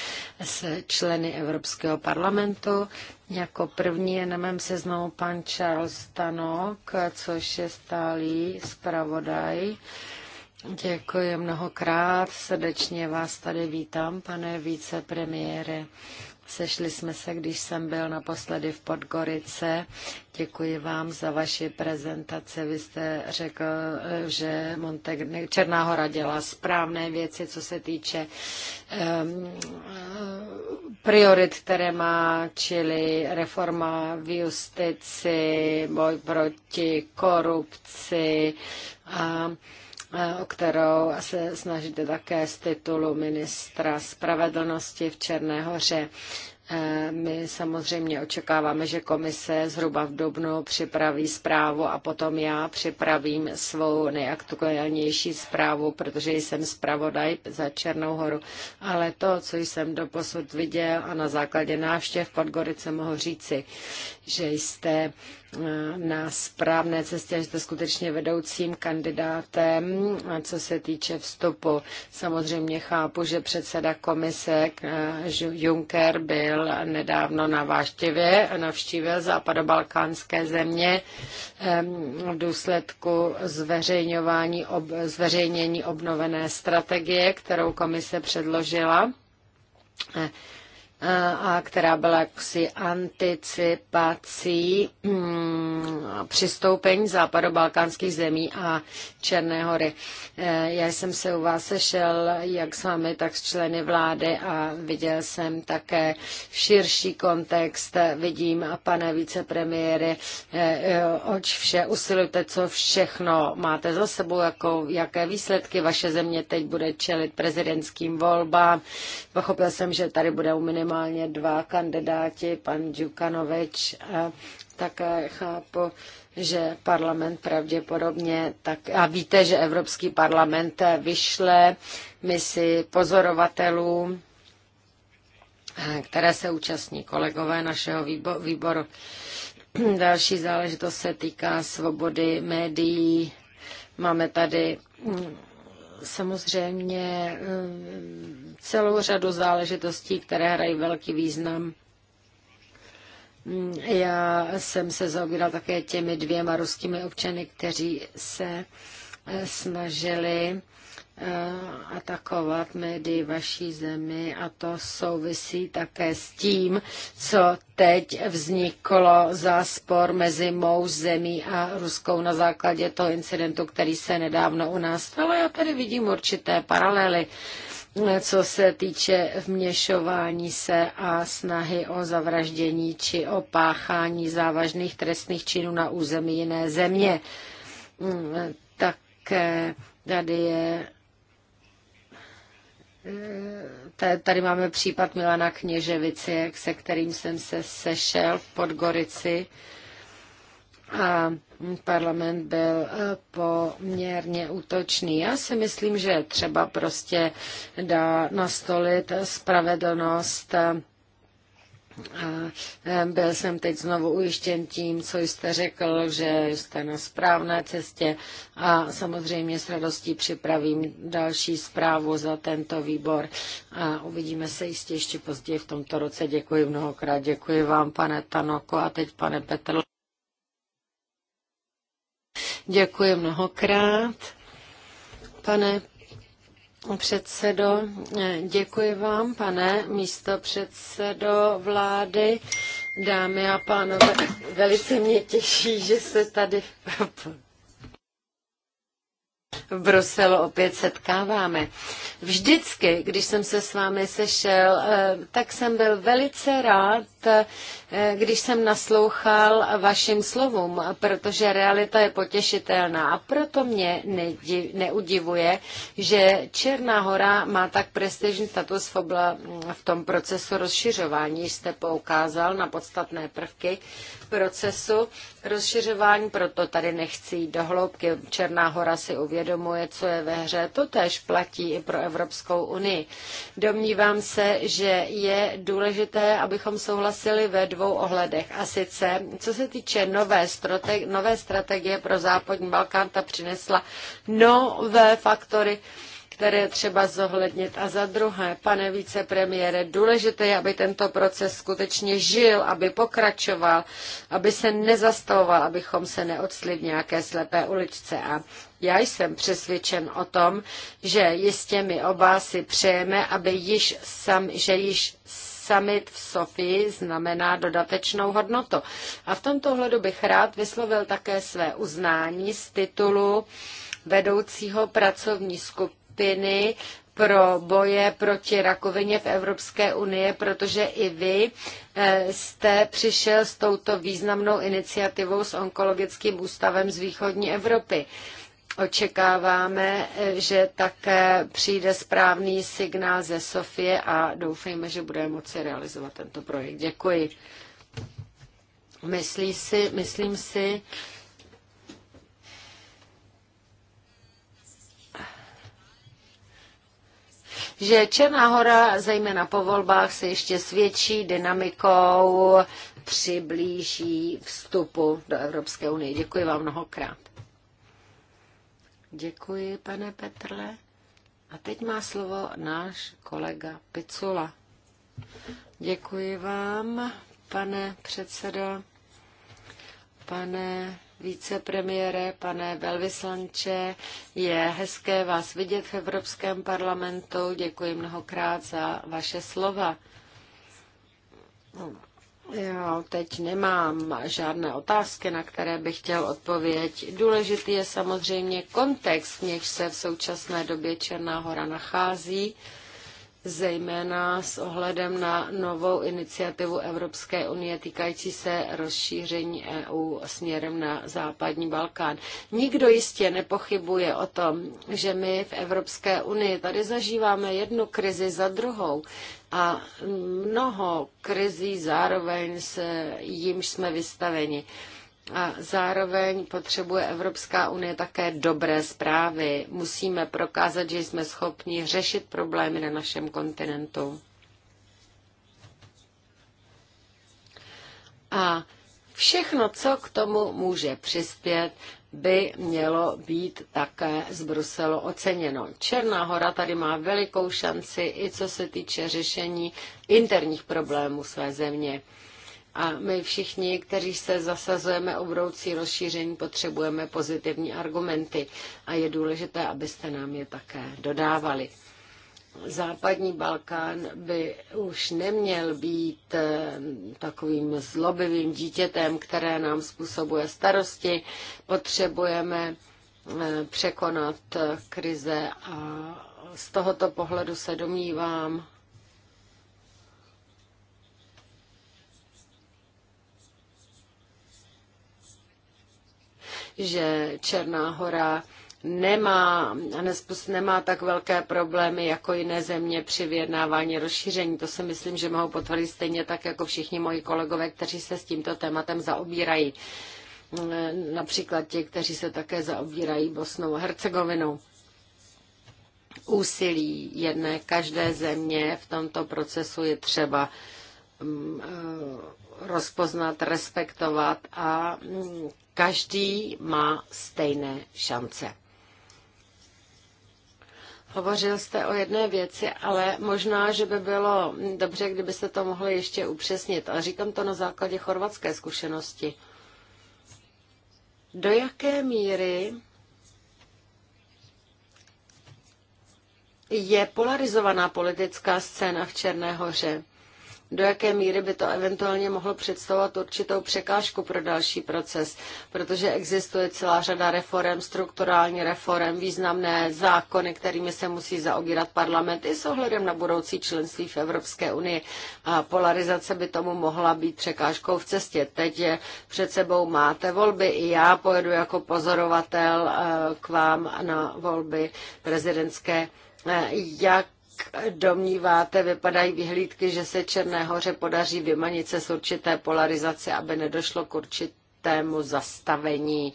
s členy Evropského parlamentu. Jako první je na mém seznamu pan Charles Tanok, což je stálý zpravodaj. Děkuji mnohokrát, srdečně vás tady vítám, pane vicepremiére. Sešli jsme se, když jsem byl naposledy v Podgorice. Děkuji vám za vaši prezentaci. Vy jste řekl, že Montegne- Černá hora dělá správné věci, co se týče um, priorit, které má, čili reforma v justici, boj proti korupci a um, Eh, o kterou se snažíte také z titulu ministra spravedlnosti v Černé hoře. Eh, my samozřejmě očekáváme, že komise zhruba v dubnu připraví zprávu a potom já připravím svou nejaktuálnější zprávu, protože jsem zpravodaj za Černou horu. Ale to, co jsem doposud viděl a na základě návštěv Podgorice mohu říci, že jste na správné cestě, že jste skutečně vedoucím kandidátem, co se týče vstupu. Samozřejmě chápu, že předseda komise eh, Juncker byl nedávno na váštěvě, navštívil západobalkánské země v důsledku zveřejňování, ob, zveřejnění obnovené strategie, kterou komise předložila eh, Eh, a která byla jaksi anticipací mm, přistoupení západobalkánských zemí a Černé hory. Eh, já jsem se u vás sešel jak s vámi, tak s členy vlády a viděl jsem také širší kontext. Vidím, pane vicepremiéry, eh, oč vše usilujete, co všechno máte za sebou, jako, jaké výsledky vaše země teď bude čelit prezidentským volbám. Pochopil jsem, že tady bude minimum minimálně dva kandidáti, pan Djukanovič, Tak chápu, že parlament pravděpodobně tak, a víte, že Evropský parlament vyšle misi pozorovatelů, které se účastní kolegové našeho výboru. Další záležitost se týká svobody médií. Máme tady samozřejmě eh, celou řadu záležitostí, které hrají velký význam. Mm, já jsem se zaobíral také těmi dvěma ruskými občany, kteří se eh, snažili Eh, atakovat médii vaší zemi a to souvisí také s tím, co teď vzniklo za spor mezi mou zemí a Ruskou na základě toho incidentu, který se nedávno u nás stal. Já tady vidím určité paralely eh, co se týče vměšování se a snahy o zavraždění či o páchání závažných trestných činů na území jiné země. Mm, eh, tak tady je Tady máme případ Milana Kněževici, se kterým jsem se sešel v Podgorici a parlament byl eh, poměrně útočný. Já si myslím, že třeba prostě dá nastolit spravedlnost eh, E, byl jsem teď znovu ujištěn tím, co jste řekl, že jste na správné cestě a samozřejmě s radostí připravím další zprávu za tento výbor a uvidíme se jistě ještě později v tomto roce. Děkuji mnohokrát, děkuji vám, pane Tanoko a teď pane Petr. Děkuji mnohokrát, pane předsedo, děkuji vám, pane místo předsedo vlády, dámy a pánové. Velice mě těší, že se tady v Bruselu opět setkáváme. Vždycky, když jsem se s vámi sešel, eh, tak jsem byl velice rád, Eh, když jsem naslouchal vašim slovům, protože realita je potěšitelná. A proto mě neudivuje, že Černá hora má tak prestižní status v, obla, v tom procesu rozšiřování. Jste poukázal na podstatné prvky procesu rozšiřování, proto tady nechci jít do hloubky. Černá hora si uvědomuje, co je ve hře. To tež platí i pro Evropskou unii. Domnívám se, že je důležité, abychom souhlasili souhlasili ve dvou ohledech. A sice, co se týče nové, nové strategie pro západní Balkán, ta přinesla nové faktory, které je třeba zohlednit. A za druhé, pane vicepremiére, důležité je, aby tento proces skutečně žil, aby pokračoval, aby se nezastavoval, abychom se neodstli v nějaké slepé uličce. A já jsem přesvědčen o tom, že jistě my oba si přejeme, aby již sam, že již Summit v Sofii znamená dodatečnou hodnotu. A v tomto ohledu bych rád vyslovil také své uznání z titulu vedoucího pracovní skupiny pro boje proti rakovině v Evropské unii, protože i vy eh, jste přišel s touto významnou iniciativou s onkologickým ústavem z východní Evropy. Očekáváme, že také přijde správný signál ze Sofie a doufejme, že budeme moci realizovat tento projekt. Děkuji. Myslí si, myslím si, že Černá hora, zejména po volbách, se ještě s větší dynamikou přiblíží vstupu do Evropské unie. Děkuji vám mnohokrát. Děkuji, pane Petrle. A teď má slovo náš kolega Picula. Děkuji vám, pane předsedo, pane vicepremiére, pane velvyslanče. Je hezké vás vidět v Evropském parlamentu. Děkuji mnohokrát za vaše slova. Já teď nemám žádné otázky, na které bych chtěl odpověď. Důležitý je samozřejmě kontext, v něž se v současné době Černá hora nachází zejména s ohledem na novou iniciativu Evropské unie týkající se rozšíření EU směrem na západní Balkán. Nikdo jistě nepochybuje o tom, že my v Evropské unii tady zažíváme jednu krizi za druhou a mnoho krizí zároveň se jimž jsme vystaveni. A zároveň potřebuje Evropská unie také dobré zprávy. Musíme prokázat, že jsme schopni řešit problémy na našem kontinentu. A všechno, co k tomu může přispět, by mělo být také z Bruselu oceněno. Černá hora tady má velikou šanci i co se týče řešení interních problémů své země. A my všichni, kteří se zasazujeme o budoucí rozšíření, potřebujeme pozitivní argumenty a je důležité, abyste nám je také dodávali. Západní Balkán by už neměl být eh, takovým zlobivým dítětem, které nám způsobuje starosti. Potřebujeme eh, překonat eh, krize a z tohoto pohledu se domnívám, že Černá hora nemá, nespus, nemá tak velké problémy jako jiné země při vyjednávání rozšíření. To si myslím, že mohou potvrdit stejně tak jako všichni moji kolegové, kteří se s tímto tématem zaobírají. Například ti, kteří se také zaobírají Bosnou a Hercegovinou. Úsilí jedné každé země v tomto procesu je třeba mm, eh, rozpoznat, respektovat a mm, Každý má stejné šance. Hovořil jste o jedné věci, ale možná, že by bylo dobře, kdybyste to mohli ještě upřesnit. A říkám to na základě chorvatské zkušenosti. Do jaké míry je polarizovaná politická scéna v Černé hoře? do jaké míry by to eventuálně mohlo představovat určitou překážku pro další proces, protože existuje celá řada reform, strukturální reform, významné zákony, kterými se musí zaobírat parlament i s ohledem na budoucí členství v Evropské unii. A polarizace by tomu mohla být překážkou v cestě. Teď je před sebou máte volby, i já pojedu jako pozorovatel eh, k vám na volby prezidentské. Eh, jak domníváte, vypadají vyhlídky, že se Černé hoře podaří vymanit se z určité polarizace, aby nedošlo k určitému zastavení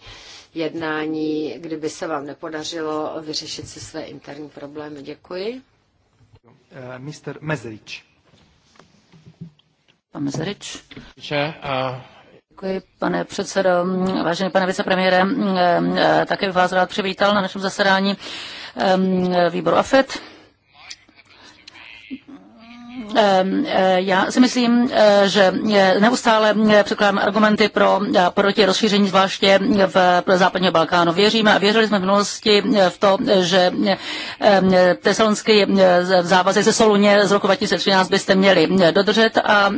jednání, kdyby se vám nepodařilo vyřešit si své interní problémy? Děkuji. Uh, eh, Mr. Mezrič. Pan uh... Děkuji, pane předsedo. Vážený pane vicepremiére, eh, také bych vás rád přivítal na našem zasedání výboru AFET. Ehm, eh, já si myslím, eh, že eh, neustále překládáme argumenty pro proti rozšíření, zvláště v západního Balkánu. Věříme a věřili jsme v minulosti v to, že ehm, tesalonský závazek ze Soluně z roku 2013 byste měli dodržet a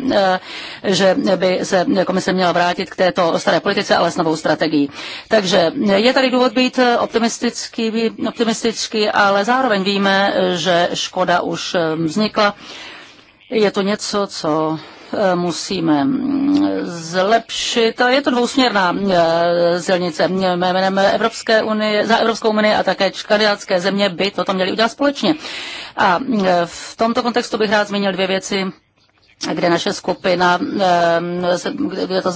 že by se komise měla vrátit k této staré politice, ale s novou strategií. Takže je tady důvod být optimistický, optimistický ale zároveň víme, že škoda už vznikla. Je to něco, co eh, musíme mm, zlepšit. Je to dvousměrná eh, silnice jménem Evropské unie, za Evropskou unii a také kandidátské země by toto měly udělat společně. A eh, v tomto kontextu bych rád zmínil dvě věci kde naše skupina, ehm, kde to,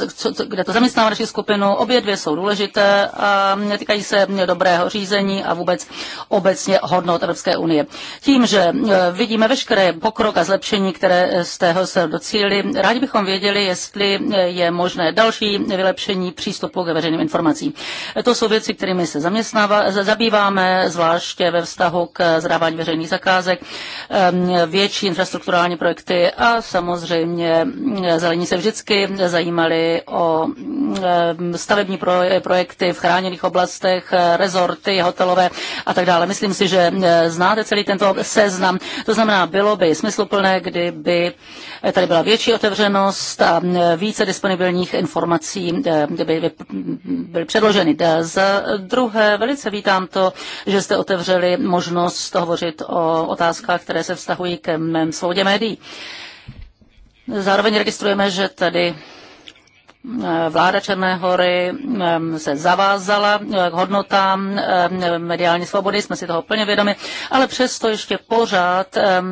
kde to zaměstnává naši skupinu, obě dvě jsou důležité a týkají se dobrého řízení a vůbec obecně hodnot Evropské unie. Tím, že eh, vidíme veškeré pokrok a zlepšení, které z tého se docíli, rádi bychom věděli, jestli eh, je možné další vylepšení přístupu k veřejným informacím. To jsou věci, kterými se zaměstnává, zabýváme, zvláště ve vztahu k zadávání veřejných zakázek, ehm, větší infrastrukturální projekty a samozřejmě samozřejmě zelení se vždycky zajímali o eh, stavební projekty v chráněných oblastech, rezorty, hotelové a tak dále. Myslím si, že eh, znáte celý tento seznam. To znamená, bylo by smysluplné, kdyby tady byla větší otevřenost a eh, více disponibilních informací, kdyby byly předloženy. Z druhé, velice vítám to, že jste otevřeli možnost hovořit o otázkách, které se vztahují ke mém svobodě médií. Zároveň registrujeme, že tady Eh, vláda Černé hory se zavázala k hodnotám mediální svobody, jsme si toho plně vědomi, ale přesto ještě pořád eh,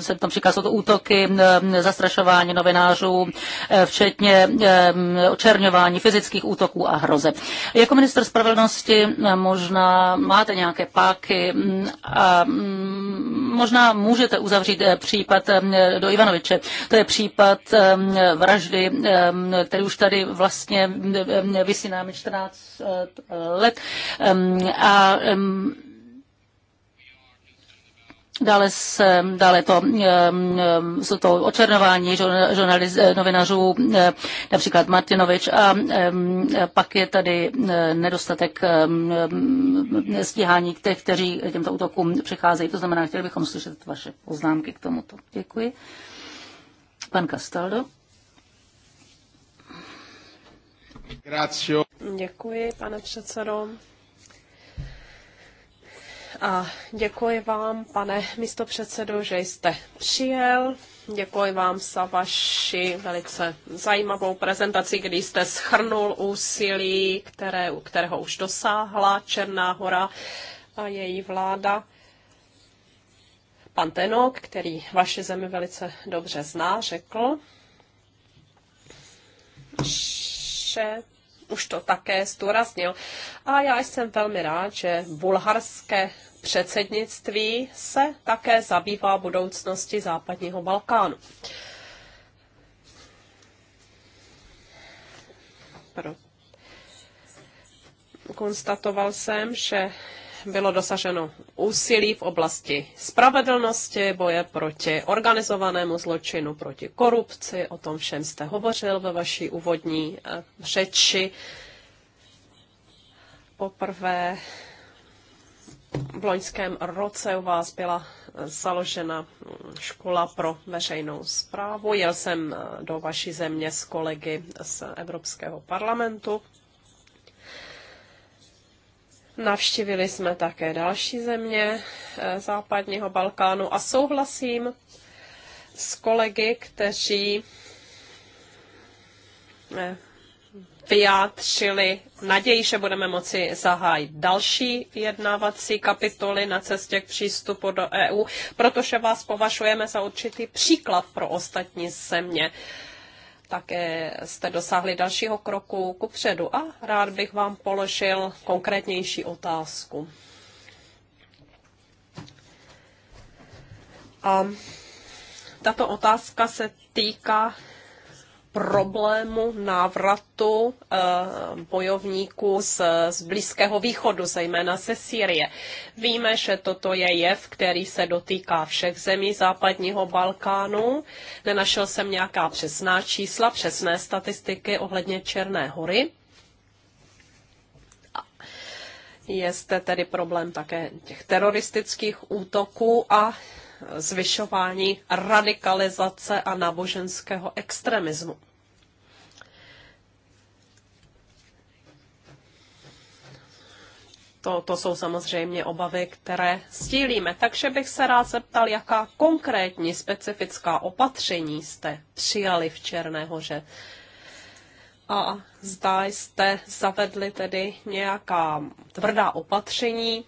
se tam příklad jsou to útoky, zastrašování novinářů, eh, včetně očerňování fyzických útoků a hrozeb. Jako minister spravedlnosti možná máte nějaké páky a možná můžete uzavřít případ do Ivanoviče. To je případ vraždy který už tady vlastně vysí nám 14 let. A Dále, se, dále to, jsou to očernování žurnaliz, eh, novinářů, eh, například Martinovič, a pak je tady eh, nedostatek stíhání těch, kteří těmto útokům přicházejí. To znamená, chtěli bychom slyšet vaše poznámky k tomuto. Děkuji. Pan Castaldo. Děkuji, pane předsedo. A děkuji vám, pane místopředsedo, že jste přijel. Děkuji vám za vaši velice zajímavou prezentaci, kdy jste schrnul úsilí, které, kterého už dosáhla Černá hora a její vláda. Pan Tenok, který vaši zemi velice dobře zná, řekl, Babiše už to také zdůraznil. A já jsem velmi rád, že bulharské předsednictví se také zabývá budoucnosti západního Balkánu. Pro. Konstatoval jsem, že bylo dosaženo úsilí v oblasti spravedlnosti, boje proti organizovanému zločinu, proti korupci, o tom všem jste hovořil ve vaší úvodní eh, řeči. Poprvé v loňském roce u vás byla založena mm, škola pro veřejnou zprávu. Jel jsem eh, do vaší země s kolegy z Evropského parlamentu Navštívili jsme také další země eh, západního Balkánu a souhlasím s kolegy, kteří eh, vyjádřili naději, že budeme moci zahájit další jednávací kapitoly na cestě k přístupu do EU, protože vás považujeme za určitý příklad pro ostatní země. Také jste dosáhli dalšího kroku ku předu a rád bych vám položil konkrétnější otázku. A tato otázka se týká problému návratu eh, bojovníků z, z Blízkého východu, zejména ze Sýrie. Víme, že toto je jev, který se dotýká všech zemí západního Balkánu. Nenašel jsem nějaká přesná čísla, přesné statistiky ohledně Černé hory. Je zde tedy problém také těch teroristických útoků a zvyšování radikalizace a náboženského extremismu. To, to jsou samozřejmě obavy, které stílíme. Takže bych se rád zeptal, jaká konkrétní specifická opatření jste přijali v Černé hoře. A zdá jste zavedli tedy nějaká tvrdá opatření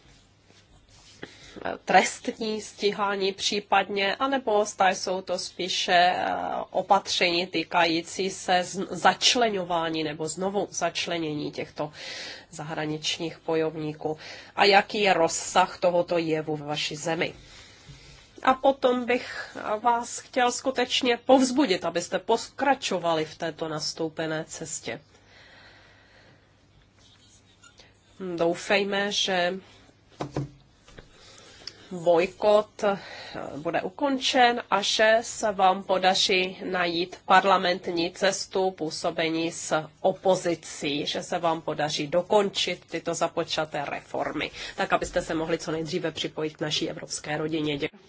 trestní stíhání případně, anebo zda jsou to spíše eh, opatření týkající se začlenování nebo znovu začlenění těchto zahraničních bojovníků. A jaký je rozsah tohoto jevu ve vaší zemi? A potom bych vás chtěl skutečně povzbudit, abyste pokračovali v této nastoupené cestě. Doufejme, že bojkot eh, bude ukončen a že se vám podaří najít parlamentní cestu působení s opozicí, že se vám podaří dokončit tyto započaté reformy, tak abyste se mohli co nejdříve připojit k naší evropské rodině. Děkuji.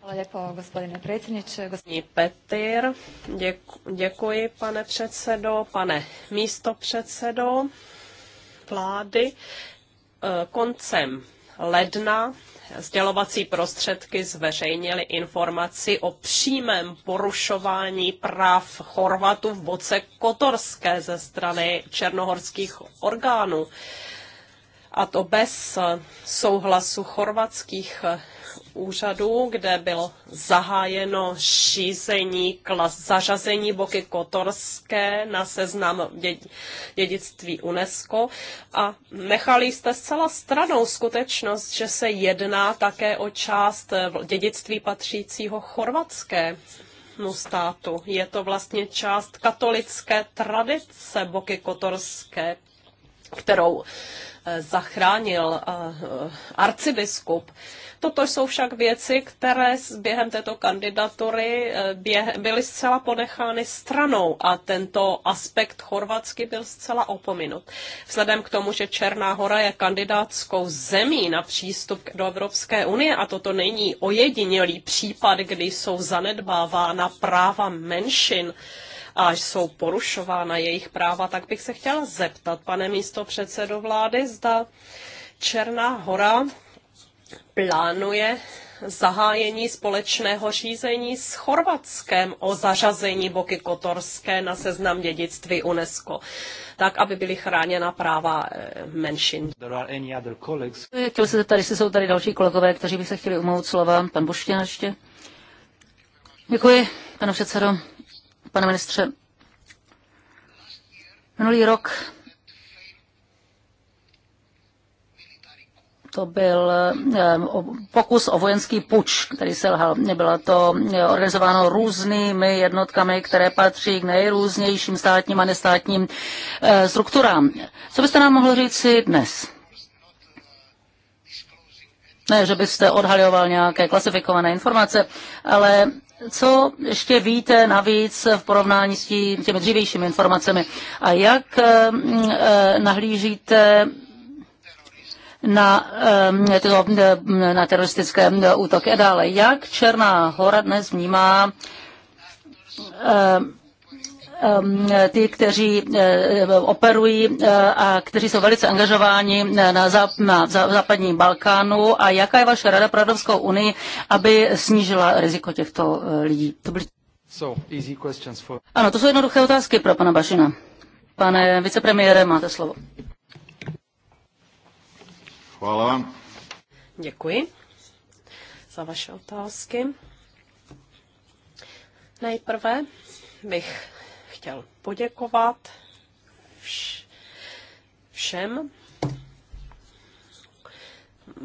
Hvala lijepo, gospodine predsjedniče. Gospodine Petir, děku, děkuji, pane předsedo, pane předsedo vlády. Eh, koncem ledna sdělovací prostředky zveřejnily informaci o přímém porušování práv Chorvatů v Boce Kotorské ze strany černohorských orgánů a to bez souhlasu chorvatských úřadů, kde bylo zahájeno šízení klas, zařazení Boky Kotorské na seznam dědictví UNESCO a nechali jste zcela stranou skutečnost, že se jedná také o část eh, dědictví patřícího chorvatské státu. Je to vlastně část katolické tradice Boky Kotorské, kterou Eh, zachránil eh, arcibiskup. Toto jsou však věci, které během této kandidatury eh, byly zcela ponechány stranou a tento aspekt Chorvatsky byl zcela opominut. Vzhledem k tomu, že Černá hora je kandidátskou zemí na přístup do Evropské unie a toto není ojedinělý případ, kdy jsou zanedbávána práva menšin, a jsou porušována jejich práva, tak bych se chtěla zeptat, pane místo předsedo vlády, zda Černá hora plánuje zahájení společného řízení s Chorvatskem o zařazení Boky Kotorské na seznam dědictví UNESCO, tak, aby byly chráněna práva eh, menšin. Eh, chtěl se zeptat, jestli jsou tady další kolegové, kteří by se chtěli umout slova. Pan Boštěn ještě. Děkuji, pane předsedo pane ministře. Minulý rok to byl eh, pokus o vojenský puč, který lhal. Bylo to eh, organizováno různými jednotkami, které patří k nejrůznějším státním a nestátním eh, strukturám. Co byste nám mohl říct si dnes? Ne, že byste odhaloval nějaké klasifikované informace, ale co ještě víte navíc v porovnání s těmi dřívějšími informacemi a jak eh, eh, nahlížíte na, eh, tyto, na teroristické útoky a dále. Jak Černá hora dnes vnímá Ehm, ty, kteří eh, operují eh, a kteří jsou velice angažováni na, západním Balkánu a jaká je vaše rada pro Evropskou unii, aby snížila riziko těchto eh, lidí? To byly... so, easy questions for... Ano, to jsou jednoduché otázky pro pana Bašina. Pane vicepremiére, máte slovo. Chvála vám. Děkuji za vaše otázky. Nejprve bych chtěl poděkovat všem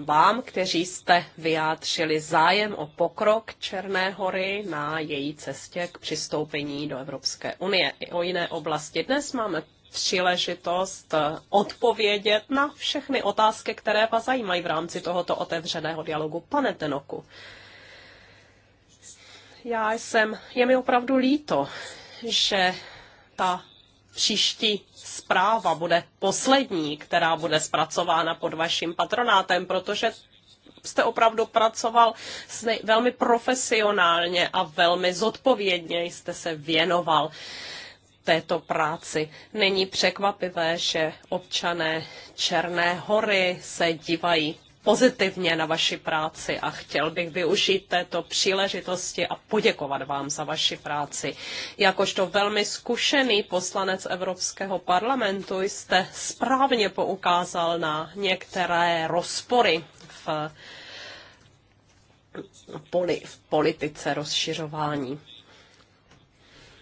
vám, kteří jste vyjádřili zájem o pokrok Černé hory na její cestě k přistoupení do Evropské unie i o jiné oblasti. Dnes máme příležitost eh, odpovědět na všechny otázky, které vás zajímají v rámci tohoto otevřeného dialogu. Pane Tenoku, já jsem, je mi opravdu líto, že ta příští zpráva bude poslední, která bude zpracována pod vaším patronátem, protože jste opravdu pracoval velmi profesionálně a velmi zodpovědně jste se věnoval této práci. Není překvapivé, že občané Černé hory se dívají pozitivně na vaši práci a chtěl bych využít této příležitosti a poděkovat vám za vaši práci. Jakožto velmi zkušený poslanec Evropského parlamentu jste správně poukázal na některé rozpory v, poli, v politice rozšiřování.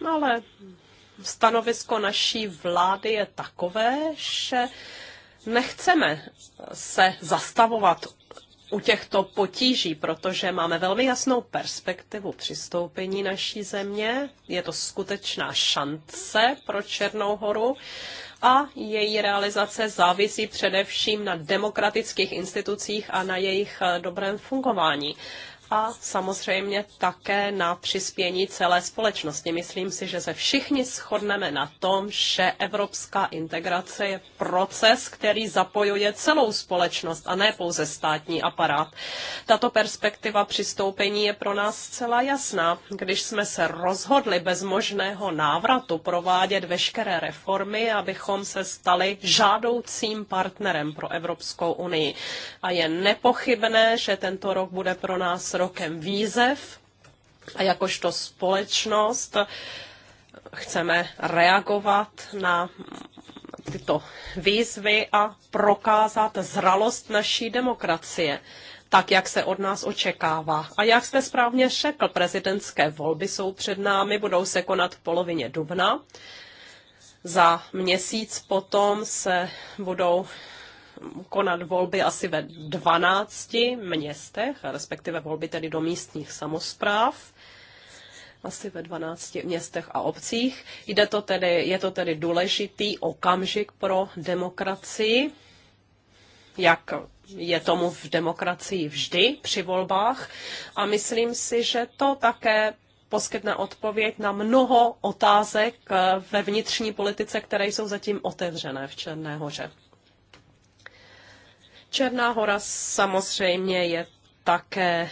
Ale stanovisko naší vlády je takové, že Nechceme se zastavovat u těchto potíží, protože máme velmi jasnou perspektivu přistoupení naší země. Je to skutečná šance pro Černou horu a její realizace závisí především na demokratických institucích a na jejich eh, dobrém fungování a samozřejmě také na přispění celé společnosti. Myslím si, že se všichni shodneme na tom, že evropská integrace je proces, který zapojuje celou společnost a ne pouze státní aparát. Tato perspektiva přistoupení je pro nás zcela jasná. Když jsme se rozhodli bez možného návratu provádět veškeré reformy, abychom se stali žádoucím partnerem pro Evropskou unii. A je nepochybné, že tento rok bude pro nás rokem výzev a jakožto společnost chceme reagovat na tyto výzvy a prokázat zralost naší demokracie, tak jak se od nás očekává. A jak jste správně řekl, prezidentské volby jsou před námi, budou se konat v polovině dubna. Za měsíc potom se budou konat volby asi ve 12 městech, respektive volby tedy do místních samozpráv asi ve 12 městech a obcích. Jde to tedy, je to tedy důležitý okamžik pro demokracii, jak je tomu v demokracii vždy při volbách. A myslím si, že to také poskytne odpověď na mnoho otázek eh, ve vnitřní politice, které jsou zatím otevřené v Černé hoře. Černá hora samozřejmě je také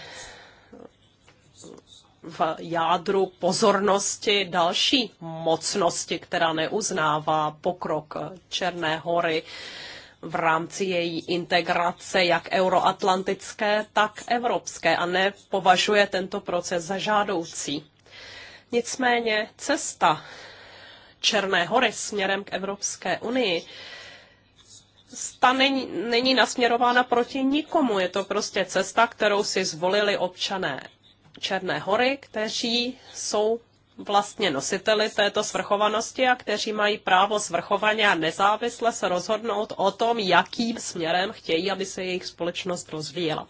v jádru pozornosti další mocnosti, která neuznává pokrok Černé hory v rámci její integrace jak euroatlantické, tak evropské a nepovažuje tento proces za žádoucí. Nicméně cesta Černé hory směrem k Evropské unii ta není, není nasměrována proti nikomu. Je to prostě cesta, kterou si zvolili občané Černé hory, kteří jsou vlastně nositeli této svrchovanosti a kteří mají právo svrchovaně a nezávisle se rozhodnout o tom, jakým směrem chtějí, aby se jejich společnost rozvíjela.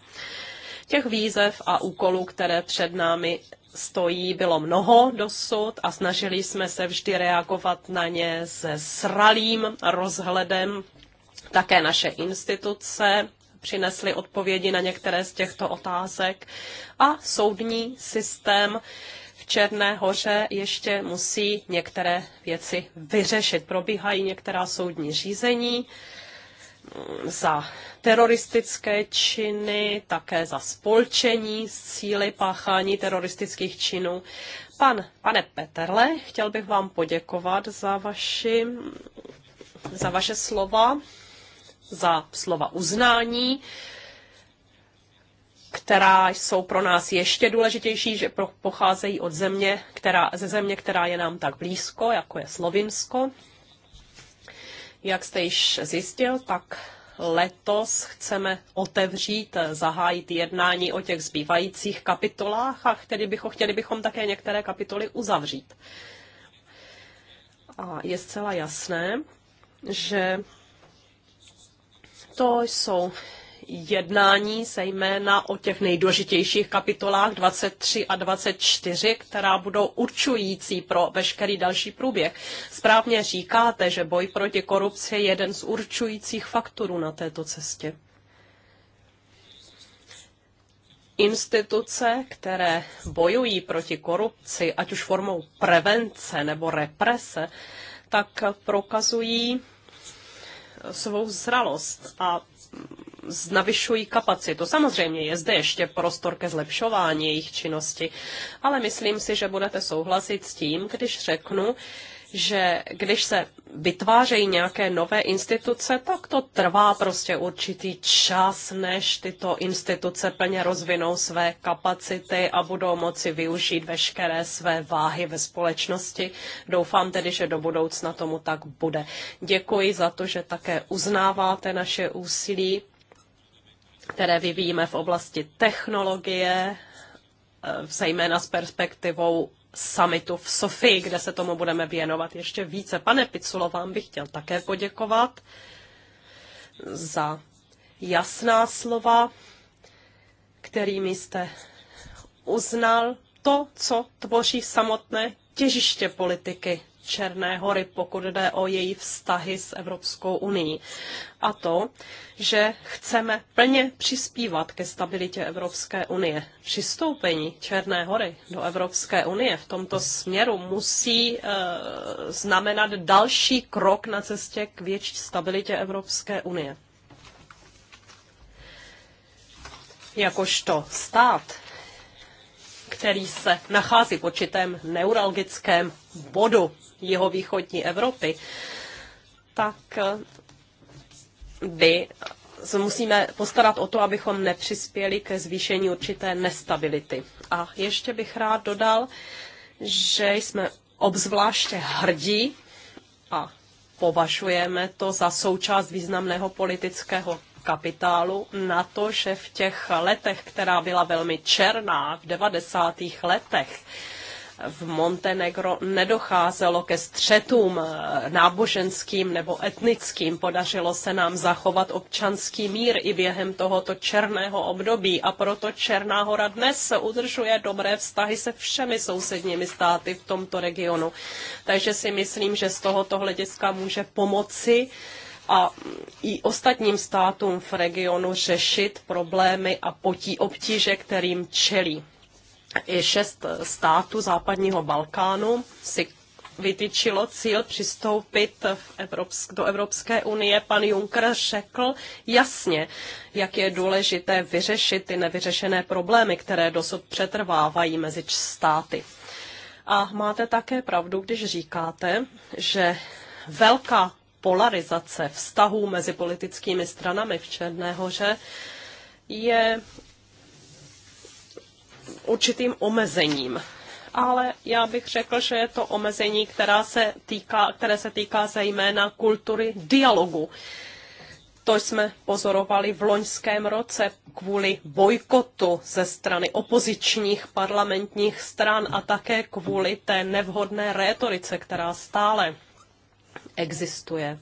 Těch výzev a úkolů, které před námi stojí, bylo mnoho dosud a snažili jsme se vždy reagovat na ně se sralým rozhledem také naše instituce přinesly odpovědi na některé z těchto otázek a soudní systém v Černé hoře ještě musí některé věci vyřešit. Probíhají některá soudní řízení za teroristické činy, také za spolčení s cíly páchání teroristických činů. Pan, pane Peterle, chtěl bych vám poděkovat za, vaši, za vaše slova za slova uznání, která jsou pro nás ještě důležitější, že pocházejí od země, která, ze země, která je nám tak blízko, jako je Slovinsko. Jak jste již zjistil, tak letos chceme otevřít, eh, zahájit jednání o těch zbývajících kapitolách a chtěli bychom, chtěli bychom také některé kapitoly uzavřít. A je zcela jasné, že to jsou jednání zejména o těch nejdůležitějších kapitolách 23 a 24, která budou určující pro veškerý další průběh. Správně říkáte, že boj proti korupci je jeden z určujících faktorů na této cestě. Instituce, které bojují proti korupci, ať už formou prevence nebo represe, tak prokazují svou zralost a navyšují kapacitu. Samozřejmě je zde ještě prostor ke zlepšování jejich činnosti, ale myslím si, že budete souhlasit s tím, když řeknu, že když se vytvářejí nějaké nové instituce, tak to trvá prostě určitý čas, než tyto instituce plně rozvinou své kapacity a budou moci využít veškeré své váhy ve společnosti. Doufám tedy, že do budoucna tomu tak bude. Děkuji za to, že také uznáváte naše úsilí které vyvíjíme v oblasti technologie, eh, zejména s perspektivou summitu v Sofii, kde se tomu budeme věnovat ještě více. Pane Piculo, vám bych chtěl také poděkovat za jasná slova, kterými jste uznal to, co tvoří samotné těžiště politiky Černé hory, pokud jde o její vztahy s Evropskou unii. A to, že chceme plně přispívat ke stabilitě Evropské unie. Přistoupení Černé hory do Evropské unie v tomto směru musí e, znamenat další krok na cestě k větší stabilitě Evropské unie. Jakožto stát který se nachází v určitém neuralgickém bodu jeho východní Evropy, tak by eh, se musíme postarat o to, abychom nepřispěli ke zvýšení určité nestability. A ještě bych rád dodal, že jsme obzvláště hrdí a považujeme to za součást významného politického kapitálu na to, že v těch letech, která byla velmi černá v 90. letech, v Montenegro nedocházelo ke střetům náboženským nebo etnickým. Podařilo se nám zachovat občanský mír i během tohoto černého období a proto Černá hora dnes udržuje dobré vztahy se všemi sousedními státy v tomto regionu. Takže si myslím, že z tohoto hlediska může pomoci a i ostatním státům v regionu řešit problémy a potí obtíže, kterým čelí. I šest států západního Balkánu si vytyčilo cíl přistoupit Evropsk, do Evropské unie. Pan Juncker řekl jasně, jak je důležité vyřešit ty nevyřešené problémy, které dosud přetrvávají mezi státy. A máte také pravdu, když říkáte, že velká polarizace vztahů mezi politickými stranami v Černé hoře je určitým omezením. Ale já bych řekl, že je to omezení, která se týká, které se týká zejména kultury dialogu. To jsme pozorovali v loňském roce kvůli bojkotu ze strany opozičních parlamentních stran a také kvůli té nevhodné rétorice, která stále existuje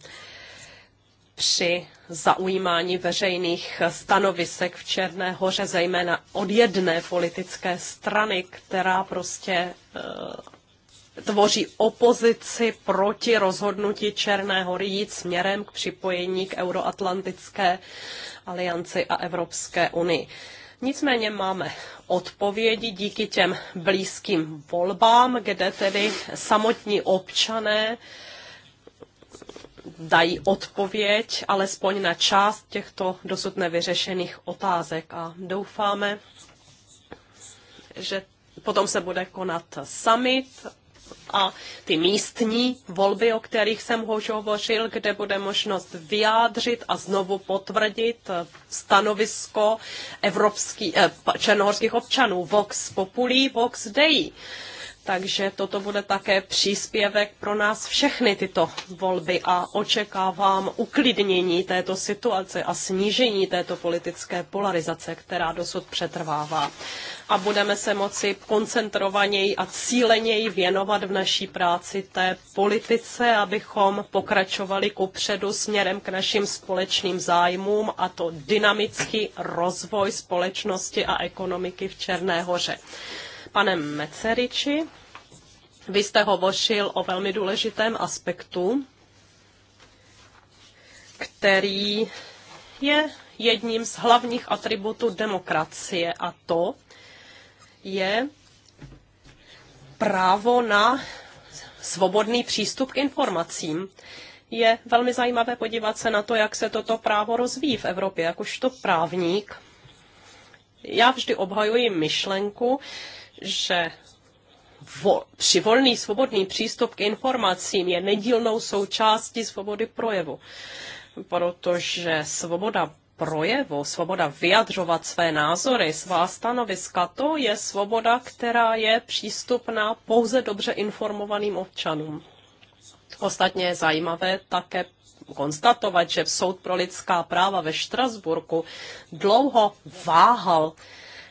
při zaujímání veřejných stanovisek v Černé hoře, zejména od jedné politické strany, která prostě eh, tvoří opozici proti rozhodnutí Černé hory jít směrem k připojení k Euroatlantické alianci a Evropské unii. Nicméně máme odpovědi díky těm blízkým volbám, kde tedy samotní občané e, dají odpověď alespoň na část těchto dosud nevyřešených otázek a doufáme, že potom se bude konat summit a ty místní volby, o kterých jsem už hovořil, kde bude možnost vyjádřit a znovu potvrdit stanovisko evropský, eh, černohorských občanů Vox Populi, Vox Dei takže toto bude také příspěvek pro nás všechny tyto volby a očekávám uklidnění této situace a snížení této politické polarizace, která dosud přetrvává. A budeme se moci koncentrovaněji a cíleněji věnovat v naší práci té politice, abychom pokračovali kupředu směrem k našim společným zájmům a to dynamický rozvoj společnosti a ekonomiky v Černé hoře panem Meceriči. Vy jste hovořil o velmi důležitém aspektu, který je jedním z hlavních atributů demokracie a to je právo na svobodný přístup k informacím. Je velmi zajímavé podívat se na to, jak se toto právo rozvíjí v Evropě, jakožto právník. Já vždy obhajuji myšlenku, že vo, při volný svobodný přístup k informacím je nedílnou součástí svobody projevu, protože svoboda projevu, svoboda vyjadřovat své názory, svá stanoviska, to je svoboda, která je přístupná pouze dobře informovaným občanům. Ostatně je zajímavé také konstatovat, že v Soud pro lidská práva ve Štrasburku dlouho váhal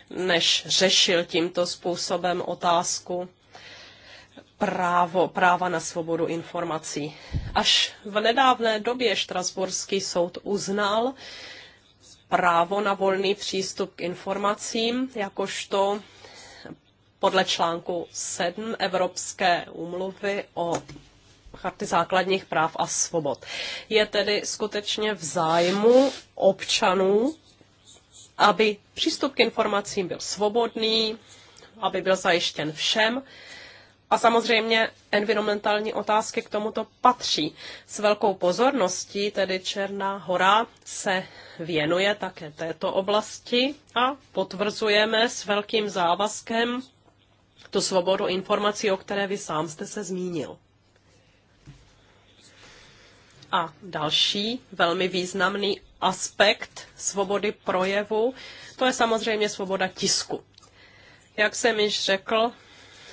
než řešil tímto způsobem otázku právo, práva na svobodu informací. Až v nedávné době Štrasburský soud uznal právo na volný přístup k informacím, jakožto podle článku 7 Evropské úmluvy o Charty základních práv a svobod. Je tedy skutečně v zájmu občanů aby přístup k informacím byl svobodný, aby byl zajištěn všem. A samozřejmě environmentální otázky k tomuto patří. S velkou pozorností tedy Černá hora se věnuje také této oblasti a potvrzujeme s velkým závazkem tu svobodu informací, o které vy sám jste se zmínil. A další velmi významný aspekt svobody projevu, to je samozřejmě svoboda tisku. Jak jsem již řekl,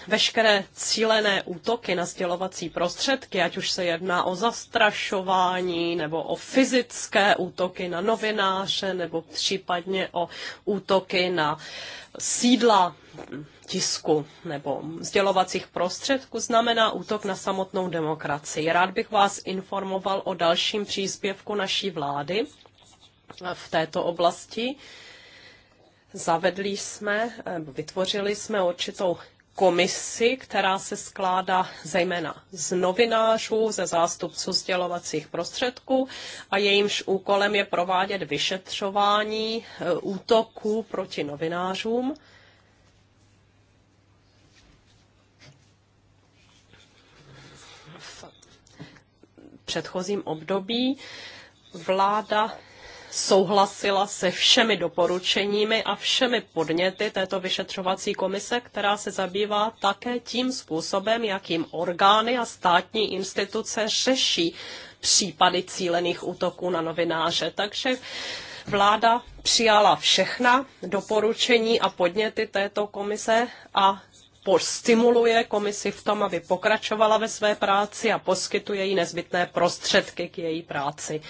veškeré cílené útoky na sdělovací prostředky, ať už se jedná o zastrašování nebo o fyzické útoky na novináře nebo případně o útoky na sídla tisku nebo sdělovacích prostředků znamená útok na samotnou demokracii. Rád bych vás informoval o dalším příspěvku naší vlády v této oblasti. Zavedli jsme, vytvořili jsme určitou komisi, která se skládá zejména z novinářů, ze zástupců sdělovacích prostředků a jejímž úkolem je provádět vyšetřování e, útoků proti novinářům. V předchozím období vláda souhlasila se všemi doporučeními a všemi podněty této vyšetřovací komise, která se zabývá také tím způsobem, jakým orgány a státní instituce řeší případy cílených útoků na novináře. Takže vláda přijala všechna doporučení a podněty této komise a stimuluje komisi v tom, aby pokračovala ve své práci a poskytuje jí nezbytné prostředky k její práci.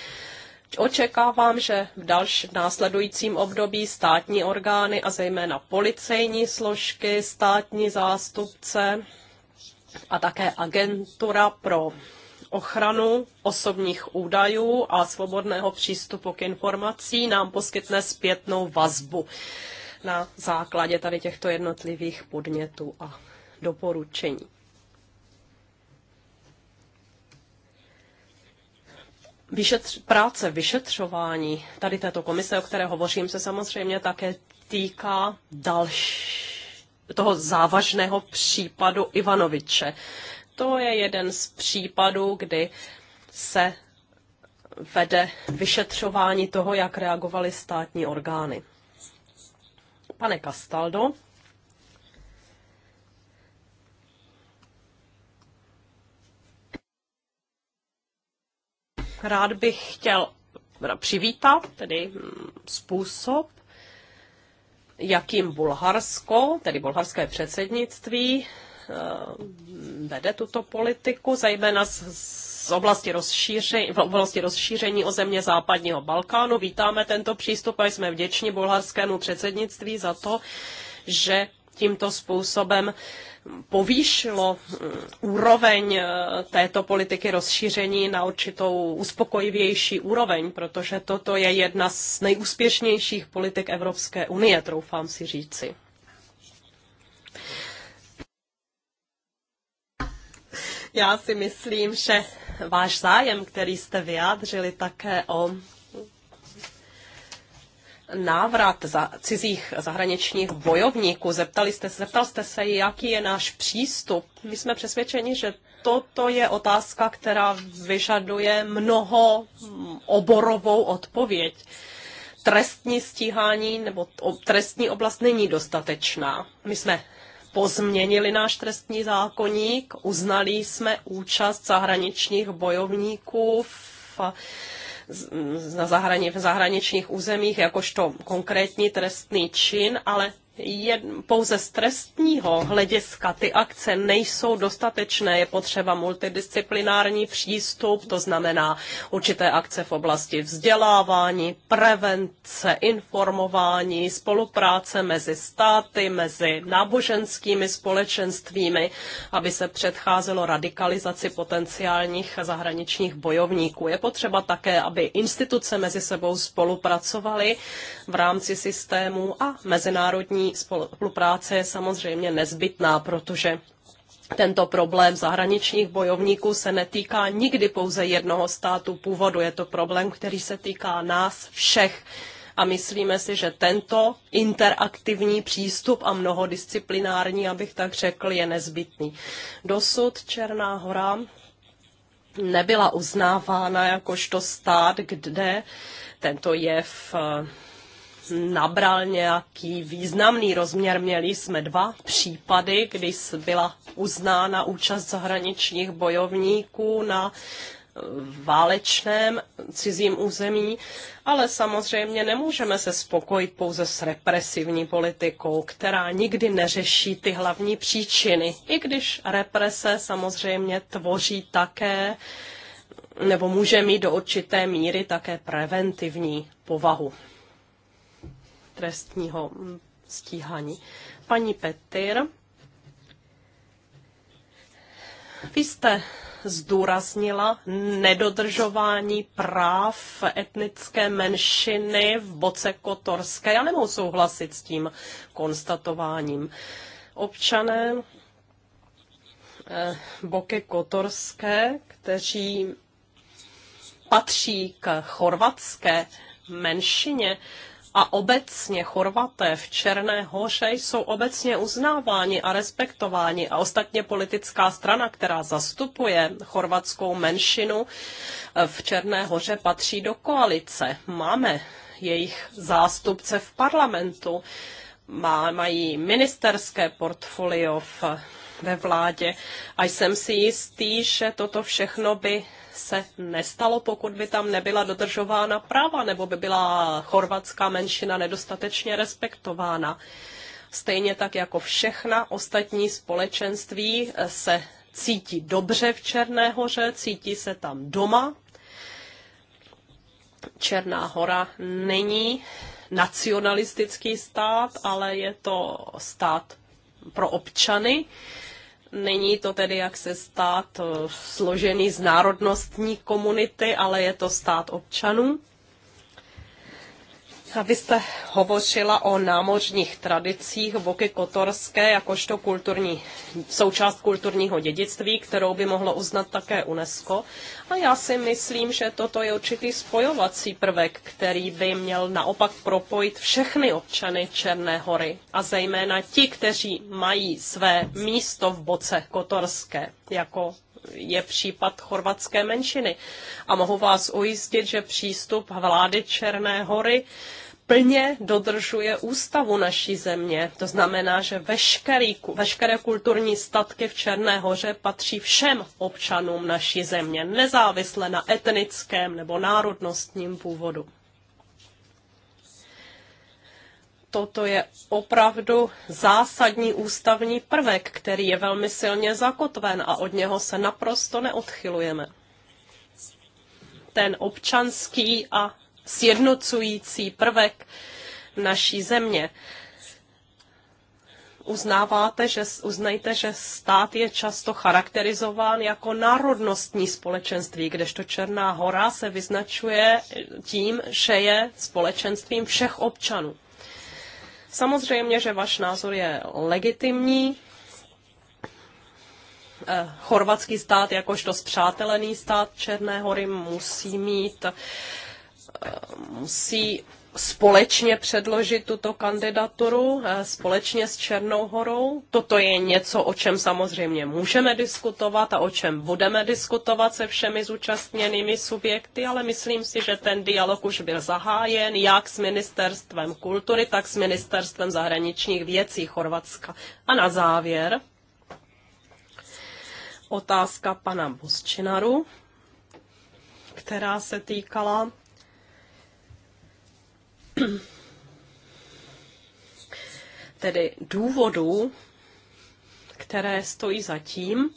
Očekávám, že v dalším následujícím období státní orgány a zejména policejní složky, státní zástupce a také agentura pro ochranu osobních údajů a svobodného přístupu k informací nám poskytne zpětnou vazbu na základě tady těchto jednotlivých podnětů a doporučení. Vyšetř, práce vyšetřování tady této komise, o které hovořím, se samozřejmě také týká další, toho závažného případu Ivanoviče. To je jeden z případů, kdy se vede vyšetřování toho, jak reagovaly státní orgány. Pane Castaldo, Rád bych chtěl přivítat tedy mm, způsob, jakým Bulharsko, tedy bulharské předsednictví, eh, vede tuto politiku, zejména z, z oblasti, rozšíření, v oblasti rozšíření o země západního Balkánu. Vítáme tento přístup a jsme vděční bulharskému předsednictví za to, že tímto způsobem povýšilo mm, úroveň eh, této politiky rozšíření na určitou uspokojivější úroveň, protože toto je jedna z nejúspěšnějších politik Evropské unie, troufám si říci. Já si myslím, že váš zájem, který jste vyjádřili také o návrat za cizích zahraničních bojovníků. Zeptali jste, zeptal jste se, jaký je náš přístup. My jsme přesvědčeni, že toto je otázka, která vyžaduje mnoho oborovou odpověď. Trestní stíhání nebo trestní oblast není dostatečná. My jsme pozměnili náš trestní zákoník, uznali jsme účast zahraničních bojovníků v na zahrani, v zahraničních územích jakožto konkrétní trestný čin, ale jed, pouze z trestního hlediska ty akce nejsou dostatečné. Je potřeba multidisciplinární přístup, to znamená určité akce v oblasti vzdělávání, prevence, informování, spolupráce mezi státy, mezi náboženskými společenstvími, aby se předcházelo radikalizaci potenciálních zahraničních bojovníků. Je potřeba také, aby instituce mezi sebou spolupracovaly v rámci systému a mezinárodní spolupráce je samozřejmě nezbytná, protože tento problém zahraničních bojovníků se netýká nikdy pouze jednoho státu původu. Je to problém, který se týká nás všech. A myslíme si, že tento interaktivní přístup a mnohodisciplinární, abych tak řekl, je nezbytný. Dosud Černá hora nebyla uznávána jakožto stát, kde tento jev eh, nabral nějaký významný rozměr. Měli jsme dva případy, kdy byla uznána účast zahraničních bojovníků na eh, válečném cizím území, ale samozřejmě nemůžeme se spokojit pouze s represivní politikou, která nikdy neřeší ty hlavní příčiny, i když represe samozřejmě tvoří také nebo může mít do určité míry také preventivní povahu trestního stíhání. Paní Petyr, vy jste zdůraznila nedodržování práv etnické menšiny v Boce Kotorské. Já nemohu souhlasit s tím konstatováním. Občané eh, Boke Kotorské, kteří patří k chorvatské menšině, a obecně Chorvaté v Černé hoře jsou obecně uznáváni a respektováni a ostatně politická strana, která zastupuje chorvatskou menšinu eh, v Černé hoře patří do koalice. Máme jejich zástupce v parlamentu, má, mají ministerské portfolio v ve vládě. A jsem si jistý, že toto všechno by se nestalo, pokud by tam nebyla dodržována práva, nebo by byla chorvatská menšina nedostatečně respektována. Stejně tak jako všechna ostatní společenství se cítí dobře v Černé hoře, cítí se tam doma. Černá hora není nacionalistický stát, ale je to stát pro občany Není to tedy jak se stát eh, složený z národnostní komunity, ale je to stát občanů. Vy jste hovořila o námořních tradicích Voky Kotorské jakožto kulturní, součást kulturního dědictví, kterou by mohlo uznat také UNESCO. A já si myslím, že toto je určitý spojovací prvek, který by měl naopak propojit všechny občany Černé hory a zejména ti, kteří mají své místo v Boce Kotorské jako je případ chorvatské menšiny. A mohu vás ujistit, že přístup vlády Černé hory plně dodržuje ústavu naší země. To znamená, že veškerý, veškeré kulturní statky v Černé hoře patří všem občanům naší země, nezávisle na etnickém nebo národnostním původu. toto je opravdu zásadní ústavní prvek, který je velmi silně zakotven a od něho se naprosto neodchylujeme. Ten občanský a sjednocující prvek naší země. Uznáváte, že, uznajte, že stát je často charakterizován jako národnostní společenství, kdežto Černá hora se vyznačuje tím, že je společenstvím všech občanů. Samozřejmě, že váš názor je legitimní. Eh, chorvatský stát, jakožto zpřátelený stát Černé hory, musí mít eh, musí společně předložit tuto kandidaturu eh, společně s Černou horou. Toto je něco, o čem samozřejmě můžeme diskutovat a o čem budeme diskutovat se všemi zúčastněnými subjekty, ale myslím si, že ten dialog už byl zahájen jak s Ministerstvem kultury, tak s Ministerstvem zahraničních věcí Chorvatska. A na závěr otázka pana Bosčinaru, která se týkala tedy důvodů, které stojí za tím,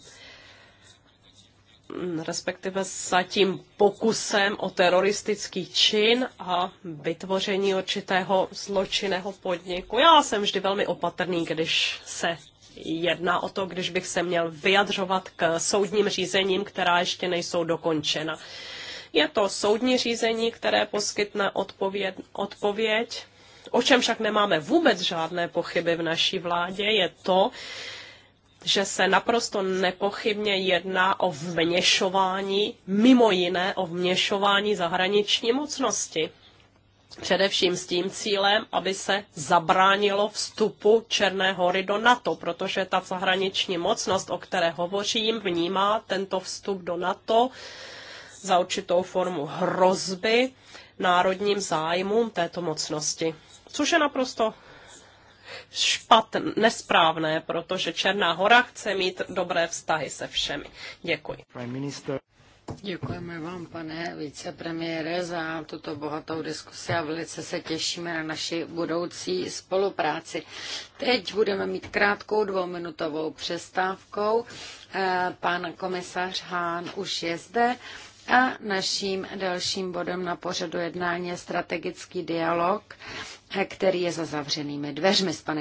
respektive za tím pokusem o teroristický čin a vytvoření určitého zločinného podniku. Já jsem vždy velmi opatrný, když se jedná o to, když bych se měl vyjadřovat k soudním řízením, která ještě nejsou dokončena. Je to soudní řízení, které poskytne odpověd, odpověď. O čem však nemáme vůbec žádné pochyby v naší vládě, je to, že se naprosto nepochybně jedná o vměšování, mimo jiné o vměšování zahraniční mocnosti. Především s tím cílem, aby se zabránilo vstupu Černé hory do NATO, protože ta zahraniční mocnost, o které hovořím, vnímá tento vstup do NATO za určitou formu hrozby národním zájmům této mocnosti. Což je naprosto špatné, nesprávné, protože Černá hora chce mít dobré vztahy se všemi. Děkuji. Děkujeme vám, pane vicepremiére, za tuto bohatou diskusi a velice se těšíme na naši budoucí spolupráci. Teď budeme mít krátkou dvouminutovou přestávkou. Eh, pan komisař Hán už je zde a naším dalším bodem na pořadu jednání je strategický dialog, který je za zavřenými dveřmi s panem